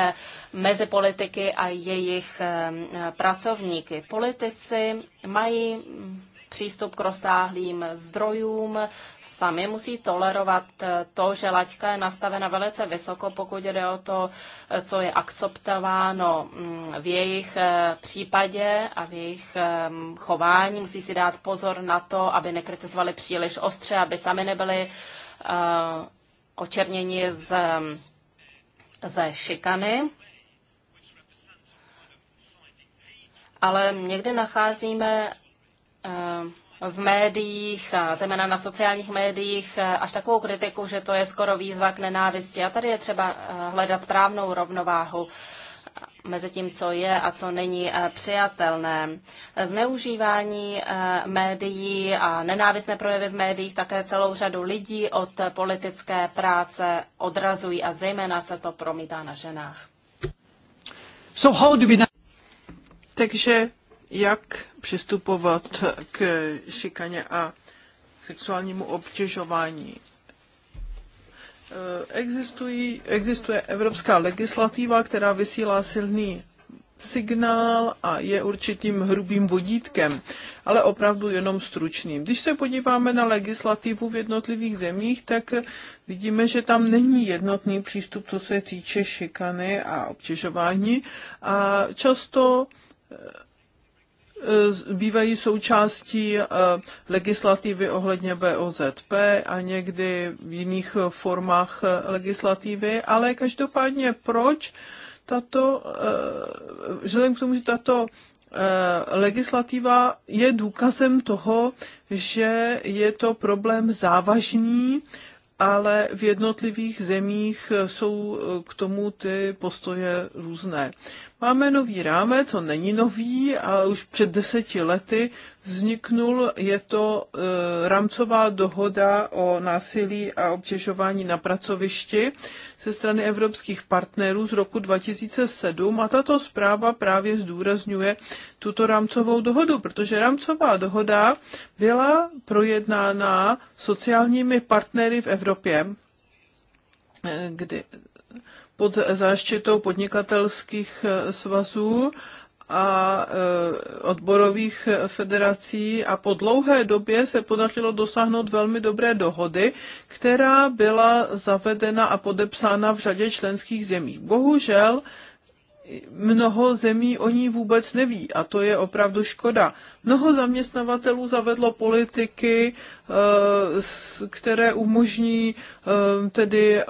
mezi politiky a jejich pracovníky. Politici mají přístup k rozsáhlým zdrojům, sami musí tolerovat eh, to, že laťka je nastavena velice vysoko, pokud jde o to, eh, co je akceptováno mm, v jejich eh, případě a v jejich ehm, chování. Musí si dát pozor na to, aby nekritizovali příliš ostře, aby sami nebyli očerněni z, ehm, ze šikany. ale někdy nacházíme v médiích, a zejména na sociálních médiích, e, až takovou kritiku, že to je skoro výzva k nenávisti. A tady je třeba e, hledat správnou rovnováhu mezi tím, co je a co není e, přijatelné. Zneužívání médií a nenávistné projevy v médiích také celou řadu lidí od politické práce odrazují a zejména se to promítá na ženách. So how do we... Takže jak přistupovat k šikaně a sexuálnímu obtěžování. Eh, existují, existuje evropská legislativa, která vysílá silný signál a je určitým hrubým vodítkem, ale opravdu jenom stručným. Když se podíváme na legislativu v jednotlivých zemích, tak vidíme, že tam není jednotný přístup, co se týče šikany a obtěžování a často E, bývají součástí e, legislativy ohledně BOZP a někdy v jiných formách e, legislativy, ale každopádně proč tato, vzhledem k tomu, že tato legislativa je důkazem toho, že je to problém závažný, ale v jednotlivých zemích jsou k tomu ty postoje různé. Máme nový rámec, on není nový, ale už před deseti lety vzniknul, je to e, rámcová dohoda o násilí a obtěžování na pracovišti ze strany evropských partnerů z roku 2007 a tato zpráva právě zdůrazňuje tuto rámcovou dohodu, protože rámcová dohoda byla projednána sociálními partnery v Evropě e, kdy pod záštitou podnikatelských eh, svazů a eh, odborových federací a po dlouhé době se podařilo dosáhnout velmi dobré dohody, která byla zavedena a podepsána v řadě členských zemí. Bohužel mnoho zemí o ní vůbec neví a to je opravdu škoda, Mnoho zaměstnavatelů zavedlo politiky, eh, které umožní eh, tedy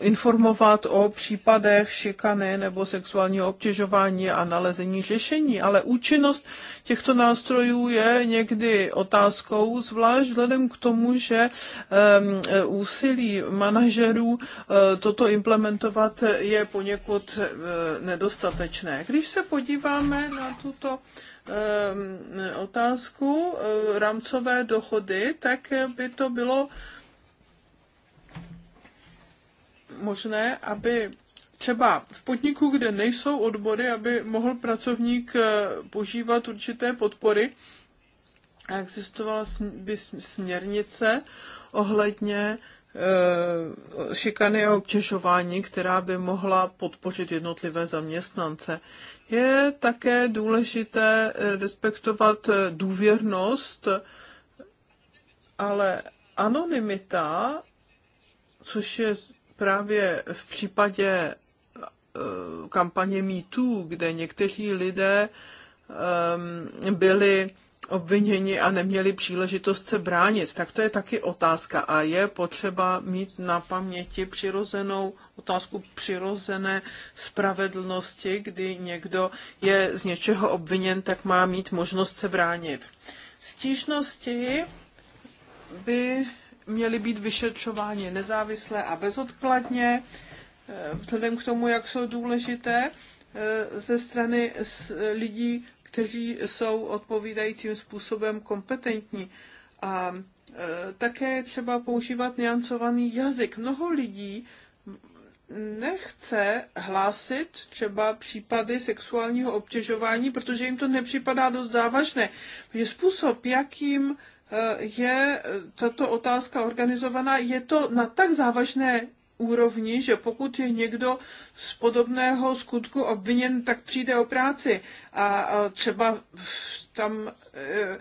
informovat o případech šikany nebo sexuálního obtěžování a nalezení řešení, ale účinnost těchto nástrojů je někdy otázkou, zvlášť vzhledem k tomu, že úsilí manažerů eh, toto implementovat je poněkud nedostatečné. Když se podíváme na tuto Ehm, otázku eh, rámcové dohody, tak by to bylo možné, aby třeba v podniku, kde nejsou odbory, aby mohl pracovník eh, požívat určité podpory. A existovala by směrnice ohledně eh, šikany a obtěžování, která by mohla podpořit jednotlivé zaměstnance je také důležité eh, respektovat eh, důvěrnost, ale anonymita, což je právě v případě eh, kampaně MeToo, kde někteří lidé ehm, byli obviněni a neměli příležitost se bránit. Tak to je taky otázka a je potřeba mít na paměti přirozenou otázku přirozené spravedlnosti, kdy někdo je z něčeho obviněn, tak má mít možnost se bránit. Stížnosti by měly být vyšetřovány nezávisle a bezodkladně, eh, vzhledem k tomu, jak jsou důležité eh, ze strany lidí, kteří jsou odpovídajícím způsobem kompetentní. A e, také třeba používat niancovaný jazyk. Mnoho lidí nechce hlásit třeba případy sexuálního obtěžování, protože jim to nepřipadá dost závažné. Je způsob, jakým e, je tato otázka organizovaná, je to na tak závažné úrovni, že pokud je někdo z podobného skutku obviněn, tak přijde o práci a třeba tam e,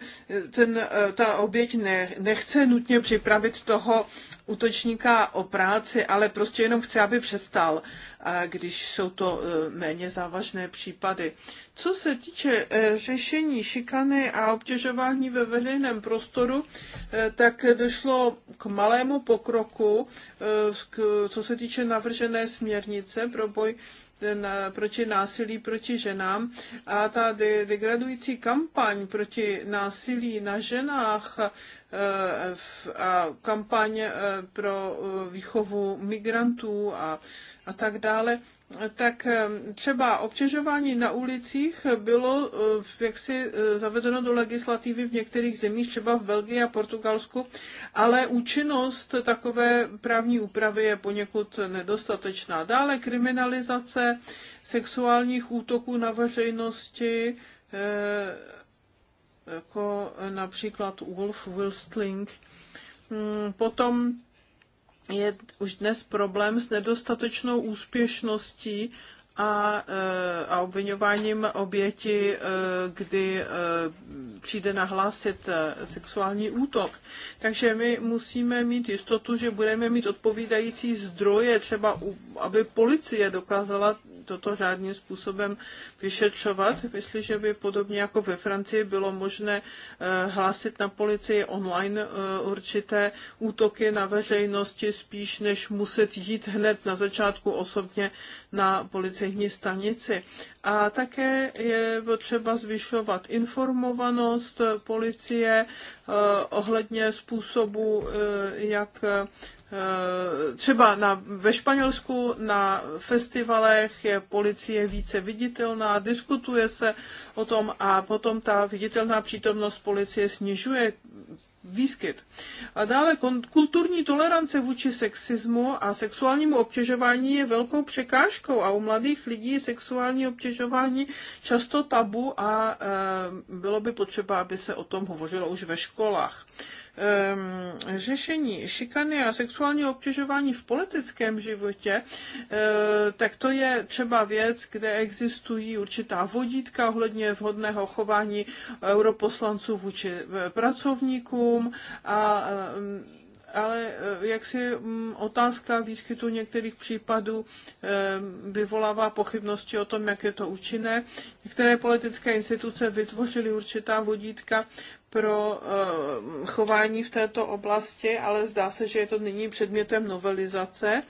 ten, e, ta oběť ne, nechce nutně připravit toho útočníka o práci, ale prostě jenom chce, aby přestal, když jsou to e, méně závažné případy. Co se týče řešení šikany a obtěžování ve veřejném prostoru, tak došlo k malému pokroku, co se týče navržené směrnice pro boj na, proti násilí proti ženám a ta de, degradující kampaň proti násilí na ženách Eh, a kampaň eh, pro eh, výchovu migrantů a, a tak dále, tak třeba obtěžování na ulicích bylo jaksi zavedeno do legislativy v některých zemích, třeba v Belgii a Portugalsku, ale účinnost takové právní úpravy je poněkud nedostatečná. Dále kriminalizace sexuálních útoků na veřejnosti, jako například Wolf Wilstling. Hmm, potom je už dnes problém s nedostatečnou úspěšností a, eh, a obvinováním oběti, eh, kdy eh, přijde nahlásit sexuální útok. Takže my musíme mít jistotu, že budeme mít odpovídající zdroje, třeba aby policie dokázala toto řádným způsobem vyšetřovat. Myslím, že by podobně jako ve Francii bylo možné hlásit na policii online určité útoky na veřejnosti spíš, než muset jít hned na začátku osobně na policii policejní stanici. A také je potřeba zvyšovat informovanost policie eh, ohledně způsobu, eh, jak eh, třeba na, ve Španělsku na festivalech je policie více viditelná, diskutuje se o tom a potom ta viditelná přítomnost policie snižuje výskyt. A dále kulturní tolerance vůči sexismu a sexuálnímu obtěžování je velkou překážkou a u mladých lidí sexuální obtěžování často tabu a e, bylo by potřeba, aby se o tom hovořilo už ve školách. Ehm, řešení šikany a sexuálního obtěžování v politickém životě, eh, tak to je třeba věc, kde existují určitá vodítka ohledně vhodného chování europoslanců vůči eh, pracovníkům a eh, ale jak si mm, otázka výskytu některých případů vyvolává pochybnosti o tom, jak je to účinné. Některé politické instituce vytvořily určitá vodítka pro eh, chování v této oblasti, ale zdá se, že je to nyní předmětem novelizace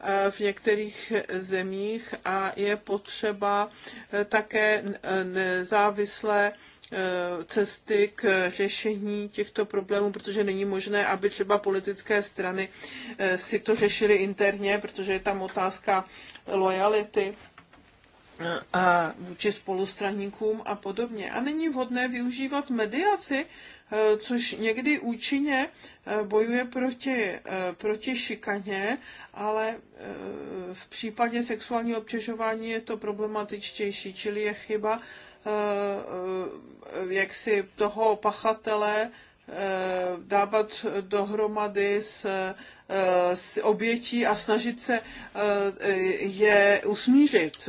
eh, v některých zemích a je potřeba eh, také nezávislé cesty k řešení těchto problémů, protože není možné, aby třeba politické strany si to řešily interně, protože je tam otázka lojality a vůči spolustraníkům a podobně. A není vhodné využívat mediaci, eh, což někdy účinně eh, bojuje proti, eh, proti šikaně, ale v případě sexuálního obtěžování je to problematičtější, čili je chyba jaksi toho pachatele dávat dohromady s, s obětí a snažit se je usmířit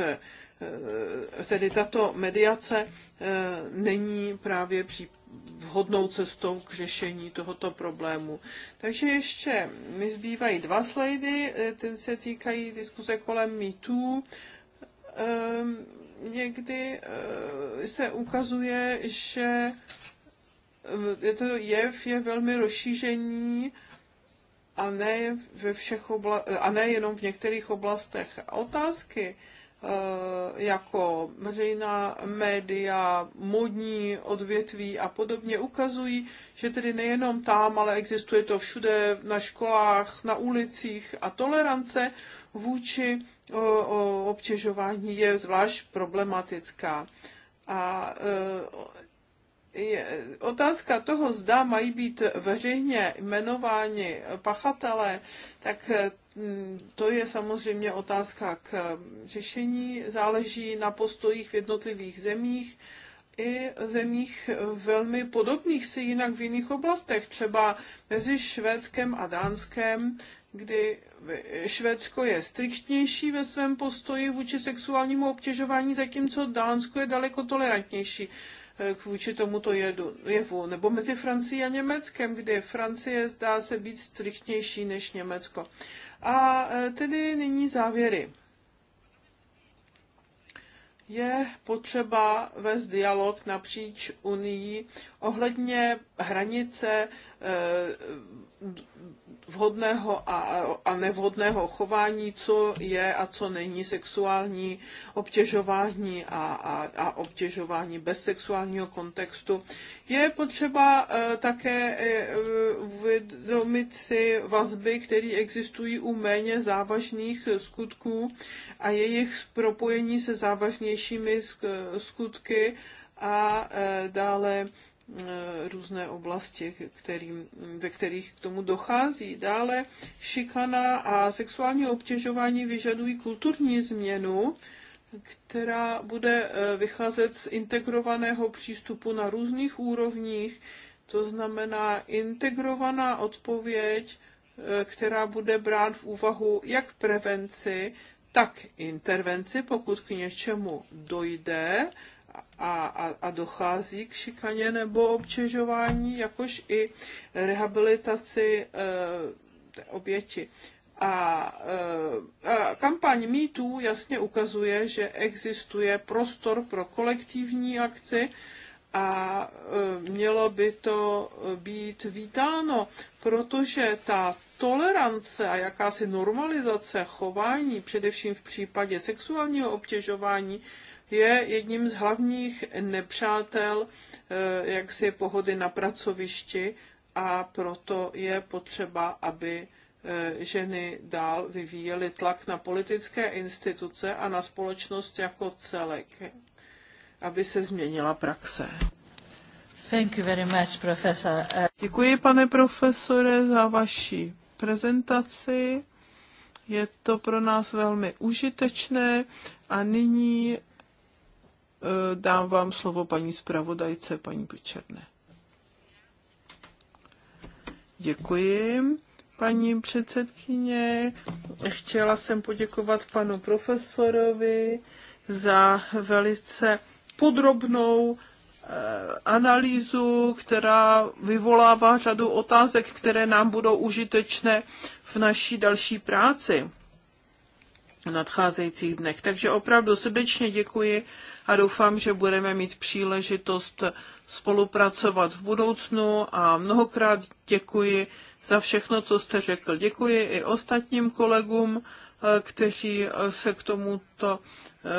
Eh, tedy tato mediace eh, není právě vhodnou cestou k řešení tohoto problému. Takže ještě mi zbývají dva slajdy, eh, ten se týkají diskuze kolem mýtů. Někdy se ukazuje, že je to jev je velmi rozšířený, a ne, ve všech obla- a ne jenom v některých oblastech. Otázky Eh, jako veřejná média, modní odvětví a podobně ukazují, že tedy nejenom tam, ale existuje to všude, na školách, na ulicích a tolerance vůči obtěžování je zvlášť problematická. A eh, je otázka toho, zda mají být veřejně jmenováni pachatelé, tak Mm, to je samozřejmě otázka k um, řešení, záleží na postojích v jednotlivých zemích i zemích velmi podobných si jinak v jiných oblastech, třeba mezi Švédskem a Dánskem, kdy Švédsko je striktnější ve svém postoji vůči sexuálnímu obtěžování, zatímco Dánsko je daleko tolerantnější eh, k vůči tomuto jevu. Nebo mezi Francií a Německem, kdy Francie zdá se být striktnější než Německo. A e, tedy nyní závěry. Je potřeba vést dialog napříč Unii ohledně hranice e, vhodného a, a nevhodného chování, co je a co není sexuální obtěžování a, a, a obtěžování bez sexuálního kontextu. Je potřeba e, také e, uvědomit si vazby, které existují u méně závažných skutků a jejich propojení se závažnějšími skutky a e, dále Eh, různé oblasti, kterým, ve kterých k tomu dochází. Dále šikana a sexuální obtěžování vyžadují kulturní změnu, která bude eh, vycházet z integrovaného přístupu na různých úrovních, to znamená integrovaná odpověď, eh, která bude brát v úvahu jak prevenci, tak intervenci, pokud k něčemu dojde, a, a, a dochází k šikaně nebo obtěžování, jakož i rehabilitaci e, oběti. A, eh, a kampaň mýtů jasně ukazuje, že existuje prostor pro kolektivní akci a eh, mělo by to být vítáno, protože ta tolerance a jakási normalizace chování, především v případě sexuálního obtěžování, je jedním z hlavních nepřátel eh, jaksi pohody na pracovišti a proto je potřeba, aby eh, ženy dál vyvíjely tlak na politické instituce a na společnost jako celek, aby se změnila praxe. Thank you very much, professor. Děkuji, pane profesore, za vaši prezentaci. Je to pro nás velmi užitečné a nyní Eh, dám vám slovo paní zpravodajce, paní Pičerne. Děkuji. Paní předsedkyně, chtěla jsem poděkovat panu profesorovi za velice podrobnou eh, analýzu, která vyvolává řadu otázek, které nám budou užitečné v naší další práci v nadcházejících dnech. Takže opravdu srdečně děkuji a doufám, že budeme mít příležitost spolupracovat v budoucnu a mnohokrát děkuji za všechno, co jste řekl. Děkuji i ostatním kolegům Eh, kteří eh, se k tomuto eh,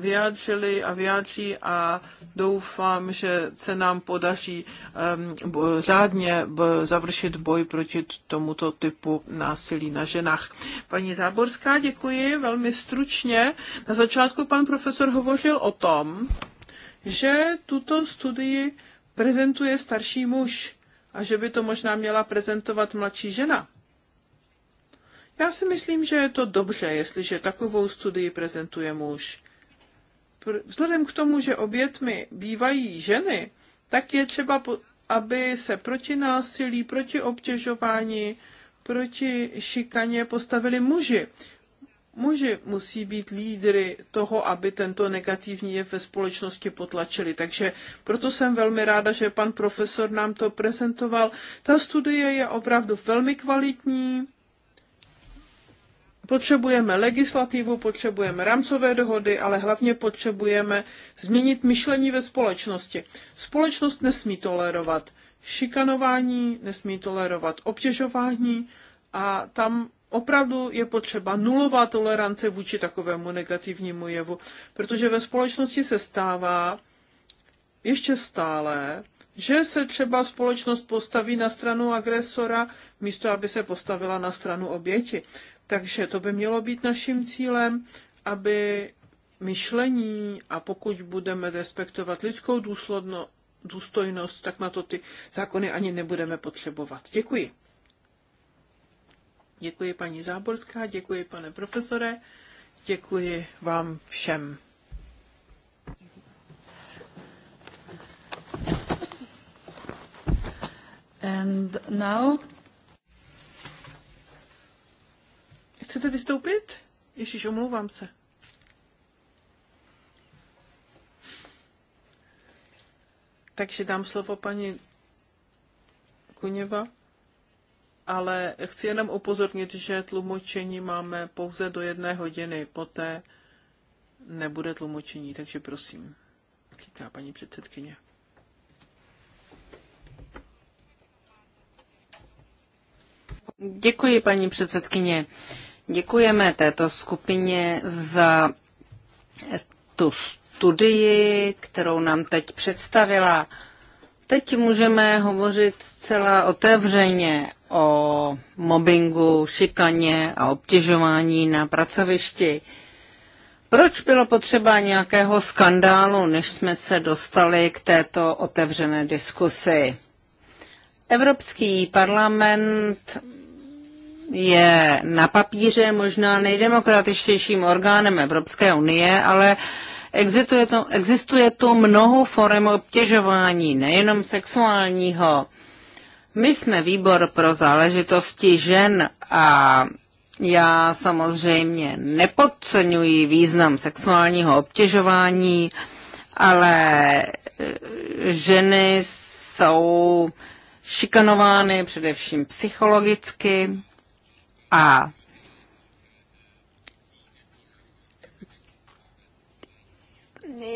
vyjádřili a vyjádří a doufám, že se nám podaří ehm, řádně završit boj proti tomuto typu násilí na ženách. Paní Záborská, děkuji velmi stručně. Na začátku pan profesor hovořil o tom, že tuto studii prezentuje starší muž a že by to možná měla prezentovat mladší žena. Já si myslím, že je to dobře, jestliže takovou studii prezentuje muž. Vzhledem k tomu, že obětmi bývají ženy, tak je třeba, aby se proti násilí, proti obtěžování, proti šikaně postavili muži. Muži musí být lídry toho, aby tento negativní jev ve společnosti potlačili. Takže proto jsem velmi ráda, že pan profesor nám to prezentoval. Ta studie je opravdu velmi kvalitní Potřebujeme legislativu, potřebujeme rámcové dohody, ale hlavně potřebujeme změnit myšlení ve společnosti. Společnost nesmí tolerovat šikanování, nesmí tolerovat obtěžování a tam opravdu je potřeba nulová tolerance vůči takovému negativnímu jevu, protože ve společnosti se stává ještě stále, že se třeba společnost postaví na stranu agresora, místo aby se postavila na stranu oběti. Takže to by mělo být naším cílem, aby myšlení a pokud budeme respektovat lidskou důsledno, důstojnost, tak na to ty zákony ani nebudeme potřebovat. Děkuji. Děkuji paní Záborská, děkuji pane profesore, děkuji vám všem. And now Chcete vystoupit? Ježíš, omlouvám se. Takže dám slovo paní Kuněva, ale chci jenom upozornit, že tlumočení máme pouze do jedné hodiny, poté nebude tlumočení, takže prosím, říká paní předsedkyně. Děkuji, paní předsedkyně. Děkujeme této skupině za tu studii, kterou nám teď představila. Teď můžeme hovořit zcela otevřeně o mobbingu, šikaně a obtěžování na pracovišti. Proč bylo potřeba nějakého skandálu, než jsme se dostali k této otevřené diskusi? Evropský parlament je na papíře možná nejdemokratičtějším orgánem Evropské unie, ale existuje to, existuje to mnoho forem obtěžování, nejenom sexuálního. My jsme výbor pro záležitosti žen a já samozřejmě nepodceňuji význam sexuálního obtěžování, ale eh, ženy jsou šikanovány především psychologicky a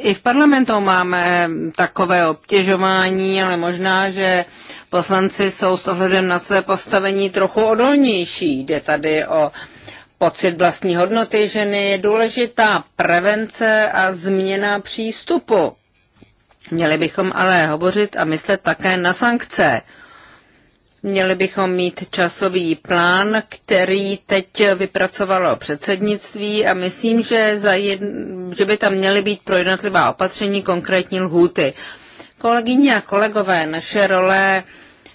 i v parlamentu máme takové obtěžování, ale možná, že poslanci jsou s ohledem na své postavení trochu odolnější. Jde tady o pocit vlastní hodnoty ženy, je důležitá prevence a změna přístupu. Měli bychom ale hovořit a myslet také na sankce. Měli bychom mít časový plán, který teď vypracovalo předsednictví a myslím, že, za jed... že by tam měly být pro jednotlivá opatření konkrétní lhůty. Kolegyně a kolegové, naše role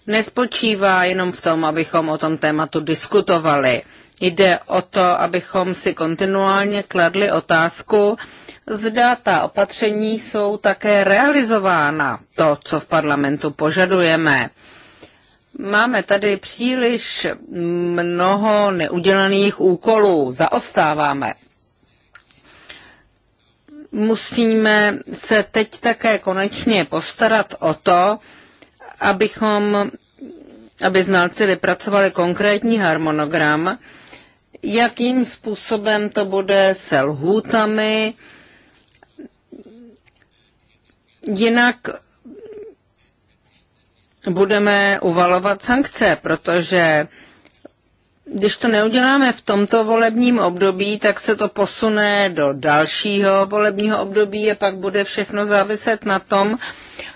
nespočívá jenom v tom, abychom o tom tématu diskutovali. Jde o to, abychom si kontinuálně kladli otázku, zda ta opatření jsou také realizována, to, co v parlamentu požadujeme. Máme tady příliš mnoho neudělaných úkolů, zaostáváme. Musíme se teď také konečně postarat o to, abychom, aby znalci vypracovali konkrétní harmonogram, jakým způsobem to bude se lhůtami, jinak budeme uvalovat sankce, protože když to neuděláme v tomto volebním období, tak se to posune do dalšího volebního období a pak bude všechno záviset na tom,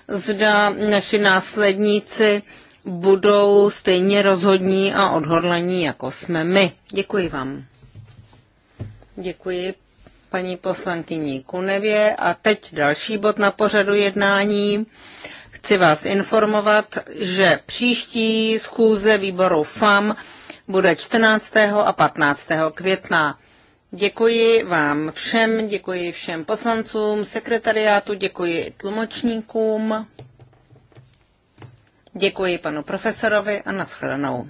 zda naši následníci budou stejně rozhodní a odhodlaní, jako jsme my. Děkuji vám. Děkuji paní poslankyni Kunevě. A teď další bod na pořadu jednání. Chci vás informovat, že příští schůze výboru FAM bude 14. a 15. května. Děkuji vám všem, děkuji všem poslancům, sekretariátu, děkuji tlumočníkům, děkuji panu profesorovi a nashledanou.